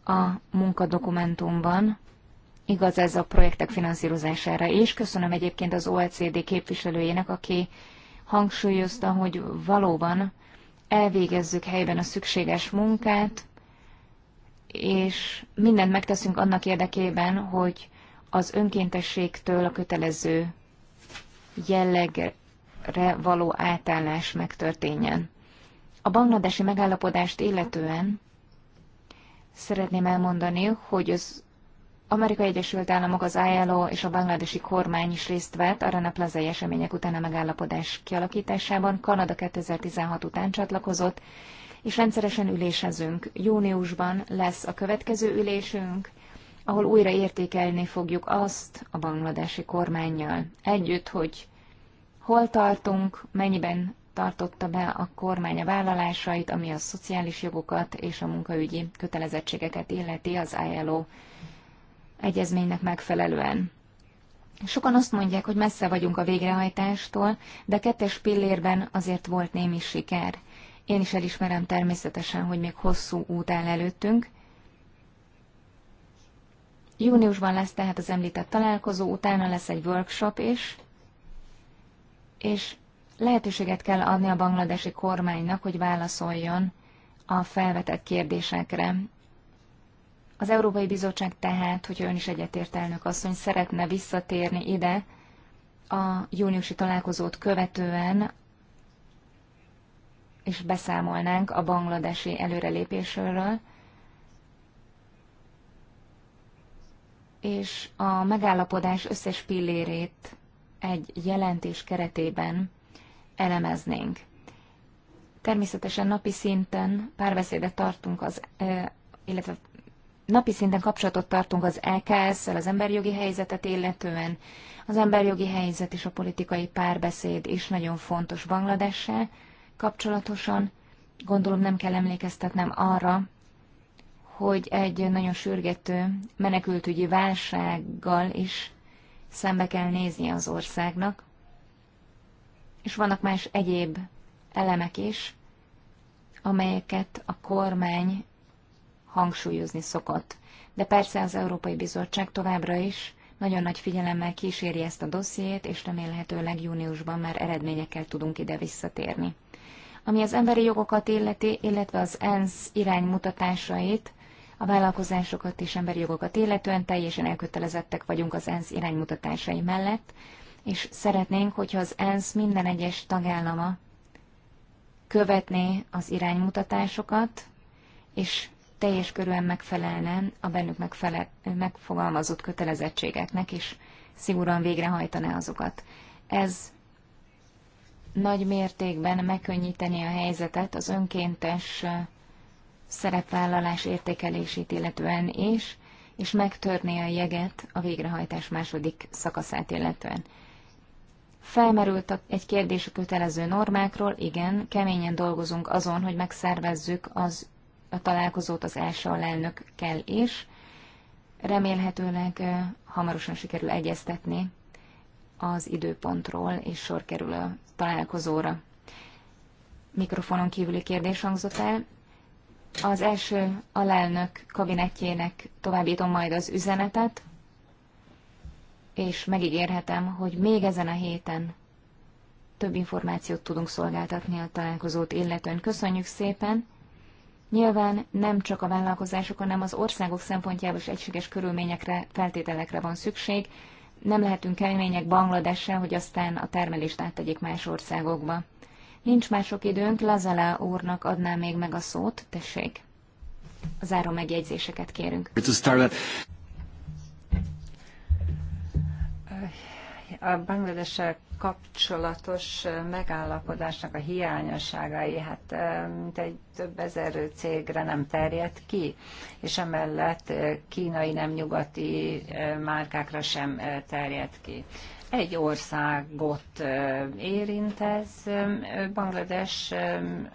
a munkadokumentumban. Igaz ez a projektek finanszírozására is. Köszönöm egyébként az OECD képviselőjének, aki hangsúlyozta, hogy valóban elvégezzük helyben a szükséges munkát, és mindent megteszünk annak érdekében, hogy az önkéntességtől a kötelező jellegre való átállás megtörténjen. A bangladesi megállapodást illetően szeretném elmondani, hogy az Amerika Egyesült Államok, az ILO és a bangladesi kormány is részt vett a Rana Plazai események után a megállapodás kialakításában, Kanada 2016 után csatlakozott, és rendszeresen ülésezünk. Júniusban lesz a következő ülésünk, ahol újra értékelni fogjuk azt a bangladesi kormányjal együtt, hogy hol tartunk, mennyiben tartotta be a kormány a vállalásait, ami a szociális jogokat és a munkaügyi kötelezettségeket illeti az ILO egyezménynek megfelelően. Sokan azt mondják, hogy messze vagyunk a végrehajtástól, de kettes pillérben azért volt némi siker. Én is elismerem természetesen, hogy még hosszú út áll előttünk. Júniusban lesz tehát az említett találkozó, utána lesz egy workshop is, és lehetőséget kell adni a bangladesi kormánynak, hogy válaszoljon a felvetett kérdésekre. Az Európai Bizottság tehát, hogyha ön is egyetért elnök asszony, szeretne visszatérni ide a júniusi találkozót követően, és beszámolnánk a bangladesi előrelépésről, és a megállapodás összes pillérét egy jelentés keretében elemeznénk. Természetesen napi szinten párbeszédet tartunk az illetve napi szinten kapcsolatot tartunk az EKS-szel, az emberjogi helyzetet illetően. Az emberjogi helyzet és a politikai párbeszéd is nagyon fontos Bangladesse kapcsolatosan. Gondolom nem kell emlékeztetnem arra, hogy egy nagyon sürgető menekültügyi válsággal is szembe kell nézni az országnak, és vannak más egyéb elemek is, amelyeket a kormány hangsúlyozni szokott. De persze az Európai Bizottság továbbra is nagyon nagy figyelemmel kíséri ezt a dossziét, és remélhetőleg júniusban már eredményekkel tudunk ide visszatérni. Ami az emberi jogokat illeti, illetve az ENSZ iránymutatásait, a vállalkozásokat és emberi jogokat illetően teljesen elkötelezettek vagyunk az ENSZ iránymutatásai mellett, és szeretnénk, hogyha az ENSZ minden egyes tagállama követné az iránymutatásokat, és teljes körűen megfelelne a bennük megfele- megfogalmazott kötelezettségeknek, és szigorúan végrehajtaná azokat. Ez nagy mértékben megkönnyíteni a helyzetet az önkéntes szerepvállalás értékelését illetően is, és megtörni a jeget a végrehajtás második szakaszát illetően. Felmerült egy kérdés a kötelező normákról, igen, keményen dolgozunk azon, hogy megszervezzük az a találkozót az első alelnök kell is. Remélhetőleg hamarosan sikerül egyeztetni az időpontról, és sor kerül a találkozóra. Mikrofonon kívüli kérdés hangzott el. Az első alelnök kabinetjének továbbítom majd az üzenetet, és megígérhetem, hogy még ezen a héten több információt tudunk szolgáltatni a találkozót illetően. Köszönjük szépen! Nyilván nem csak a vállalkozások, hanem az országok szempontjából is egységes körülményekre, feltételekre van szükség. Nem lehetünk kemények Bangladessel, hogy aztán a termelést áttegyék más országokba. Nincs mások sok időnk, Lazala úrnak adná még meg a szót, tessék. A záró megjegyzéseket kérünk. a Bangladessel kapcsolatos megállapodásnak a hiányosságai, hát mint egy több ezer cégre nem terjed ki, és emellett kínai nem nyugati márkákra sem terjed ki egy országot érint ez. Banglades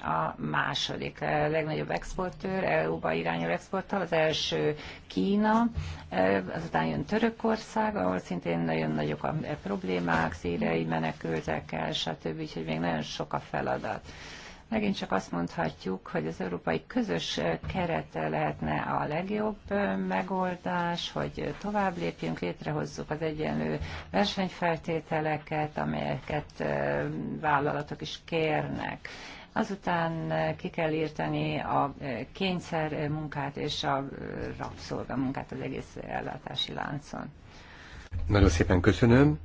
a második legnagyobb exportőr, EU-ba irányuló exporttal, az első Kína, azután jön Törökország, ahol szintén nagyon nagyok a problémák, szírei menekültek el, stb. Úgyhogy még nagyon sok a feladat megint csak azt mondhatjuk, hogy az európai közös kerete lehetne a legjobb megoldás, hogy tovább lépjünk, létrehozzuk az egyenlő versenyfeltételeket, amelyeket vállalatok is kérnek. Azután ki kell írteni a kényszer munkát és a rabszolgamunkát az egész ellátási láncon. Nagyon szépen köszönöm.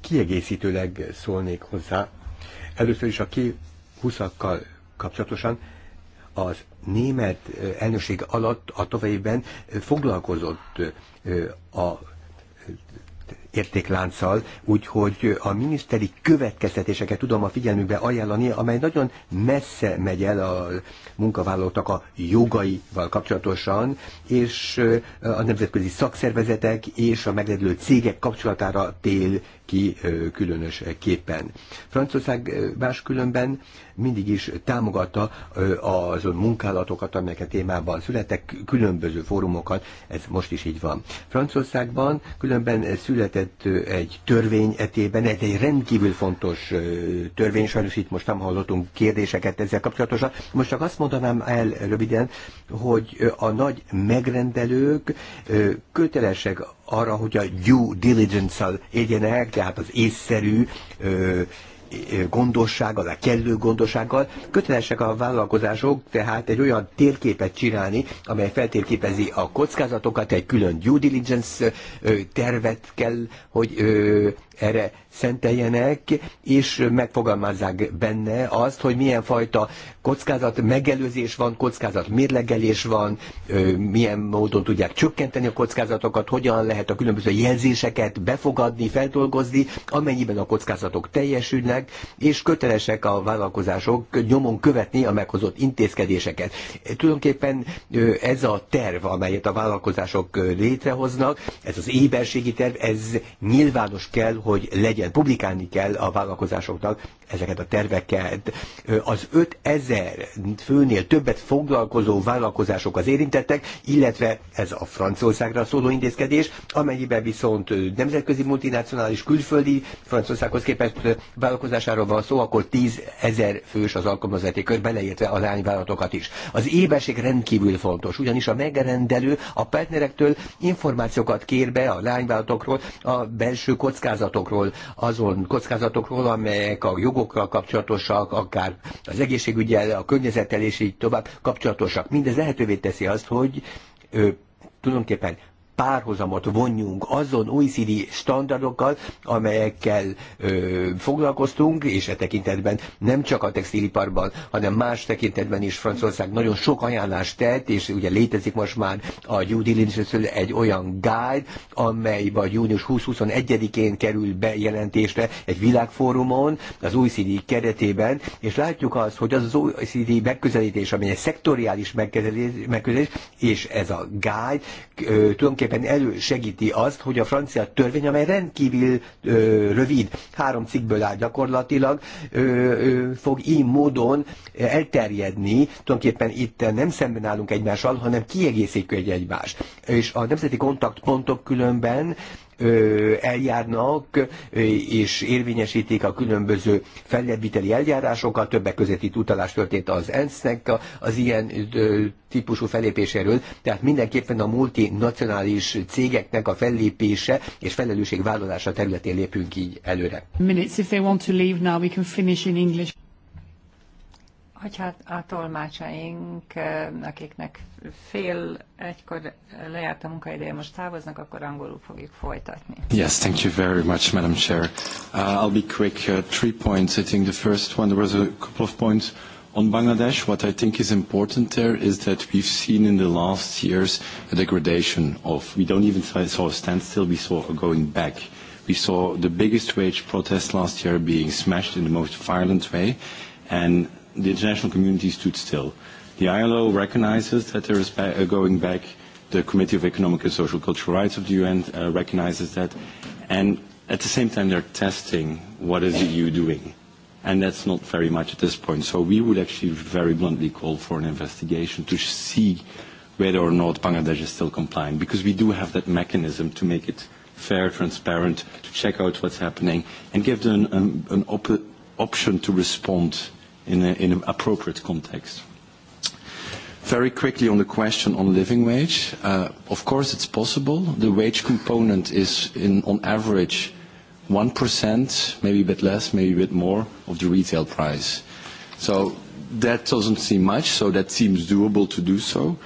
Kiegészítőleg szólnék hozzá Először is a ki 20 akkal kapcsolatosan az német elnökség alatt a továbbiben foglalkozott a értéklánccal, úgyhogy a miniszteri következtetéseket tudom a figyelmükbe ajánlani, amely nagyon messze megy el a munkavállalóknak a jogaival kapcsolatosan, és a nemzetközi szakszervezetek és a meglévő cégek kapcsolatára tél ki képen. Franciaország máskülönben mindig is támogatta azon munkálatokat, amelyek a témában születtek, különböző fórumokat, ez most is így van. Franciaországban különben született egy törvény etében, ez egy rendkívül fontos törvény, sajnos itt most nem hallottunk kérdéseket ezzel kapcsolatosan. Most csak azt mondanám el röviden, hogy a nagy megrendelők kötelesek arra, hogy a due diligence-al éljenek, tehát az észszerű ö, gondossággal, a kellő gondossággal kötelesek a vállalkozások tehát egy olyan térképet csinálni, amely feltérképezi a kockázatokat, egy külön due diligence tervet kell, hogy erre szenteljenek, és megfogalmazzák benne azt, hogy milyen fajta kockázat megelőzés van, kockázat mérlegelés van, milyen módon tudják csökkenteni a kockázatokat, hogyan lehet a különböző jelzéseket befogadni, feldolgozni, amennyiben a kockázatok teljesülnek, és kötelesek a vállalkozások nyomon követni a meghozott intézkedéseket. Tulajdonképpen ez a terv, amelyet a vállalkozások létrehoznak, ez az éberségi terv, ez nyilvános kell, hogy legyen, publikálni kell a vállalkozásoknak ezeket a terveket. Az 5000 főnél többet foglalkozó vállalkozások az érintettek, illetve ez a Franciaországra szóló intézkedés, amennyiben viszont nemzetközi multinacionális külföldi Franciaországhoz képest vállalkozásáról van szó, akkor 10 ezer fős az alkalmazati kör, beleértve a lányvállalatokat is. Az éberség rendkívül fontos, ugyanis a megrendelő a partnerektől információkat kér be a lányvállalatokról a belső kockázatok kockázatokról, azon kockázatokról, amelyek a jogokkal kapcsolatosak, akár az egészségügyel, a környezettel és így tovább kapcsolatosak. Mindez lehetővé teszi azt, hogy ő, tulajdonképpen párhuzamot vonjunk azon OECD standardokkal, amelyekkel ö, foglalkoztunk, és e tekintetben nem csak a textiliparban, hanem más tekintetben is Franciaország nagyon sok ajánlást tett, és ugye létezik most már a due diligence egy olyan guide, amely vagy június 20-21-én kerül bejelentésre egy világfórumon, az OECD keretében, és látjuk azt, hogy az az OECD megközelítés, amely egy szektoriális megközelítés, és ez a guide tulajdonképpen tulajdonképpen elősegíti azt, hogy a francia törvény, amely rendkívül ö, rövid, három cikkből áll gyakorlatilag, ö, ö, fog így módon elterjedni. Tulajdonképpen itt nem szemben állunk egymással, hanem kiegészítjük egy egymást. És a nemzeti kontaktpontok különben eljárnak és érvényesítik a különböző fellebbviteli eljárásokat, többek között itt utalás történt az ENSZ-nek az ilyen típusú felépéséről, tehát mindenképpen a multinacionális cégeknek a fellépése és felelősségvállalása területén lépünk így előre. Minutes, if they want to leave now, we can finish in English hogyha a tolmácsaink, akiknek fél egykor lejárt a munkaideje, most távoznak, akkor angolul fogjuk folytatni. Yes, thank you very much, Madam Chair. Uh, I'll be quick. Uh, three points. I think the first one, there was a couple of points On Bangladesh, what I think is important there is that we've seen in the last years a degradation of, we don't even saw a standstill, we saw a going back. We saw the biggest wage protest last year being smashed in the most violent way, and the international community stood still. The ILO recognizes that there is ba- uh, going back. The Committee of Economic and Social Cultural Rights of the UN uh, recognizes that. And at the same time, they're testing what is the EU doing. And that's not very much at this point. So we would actually very bluntly call for an investigation to see whether or not Bangladesh is still complying. because we do have that mechanism to make it fair, transparent, to check out what's happening, and give them an, an op- option to respond in, an appropriate context. Very quickly on the question on living wage. Uh, of course, it's possible. The wage component is, in, on average, 1%, maybe a bit less, maybe a bit more, of the retail price. So that doesn't seem much, so that seems doable to do so.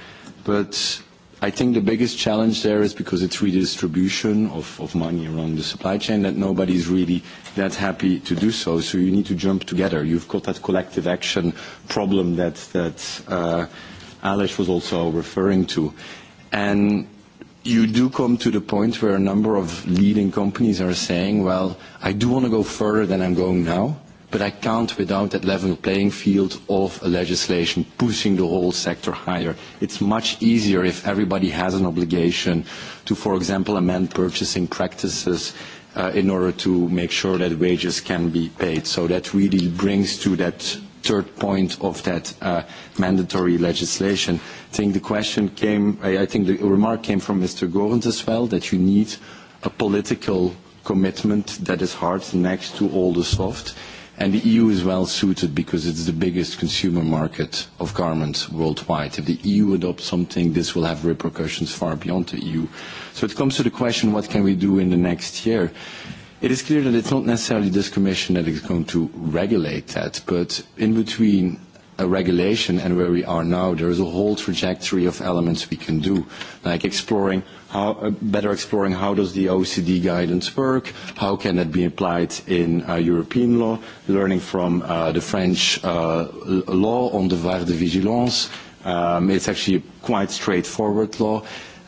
But I think the biggest challenge there is because it's redistribution of, of money around the supply chain that nobody's really that happy to do so. So you need to jump together. You've got that collective action problem that, that uh, Alice was also referring to. And you do come to the point where a number of leading companies are saying, well, I do want to go further than I'm going now but I can't without that level playing field of a legislation pushing the whole sector higher. It's much easier if everybody has an obligation to, for example, amend purchasing practices uh, in order to make sure that wages can be paid. So that really brings to that third point of that uh, mandatory legislation. I think the question came, I, I think the remark came from Mr. Gorens as well, that you need a political commitment that is hard next to all the soft. And the EU is well suited because it's the biggest consumer market of garments worldwide. If the EU adopts something, this will have repercussions far beyond the EU. So it comes to the question, what can we do in the next year? It is clear that it's not necessarily this commission that is going to regulate that, but in between a regulation and where we are now, there is a whole trajectory of elements we can do, like exploring how, uh, better exploring how does the OECD guidance work, how can it be applied in uh, European law, learning from uh, the French uh, law on devoir de vigilance. Um, it's actually a quite straightforward law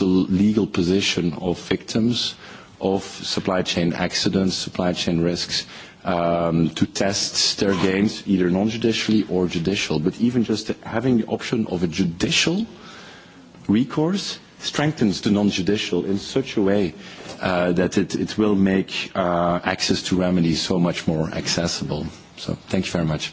the legal position of victims of supply chain accidents, supply chain risks, um, to test their gains, either non-judicially or judicial. But even just having the option of a judicial recourse strengthens the non-judicial in such a way uh, that it, it will make uh, access to remedies so much more accessible. So thank you very much.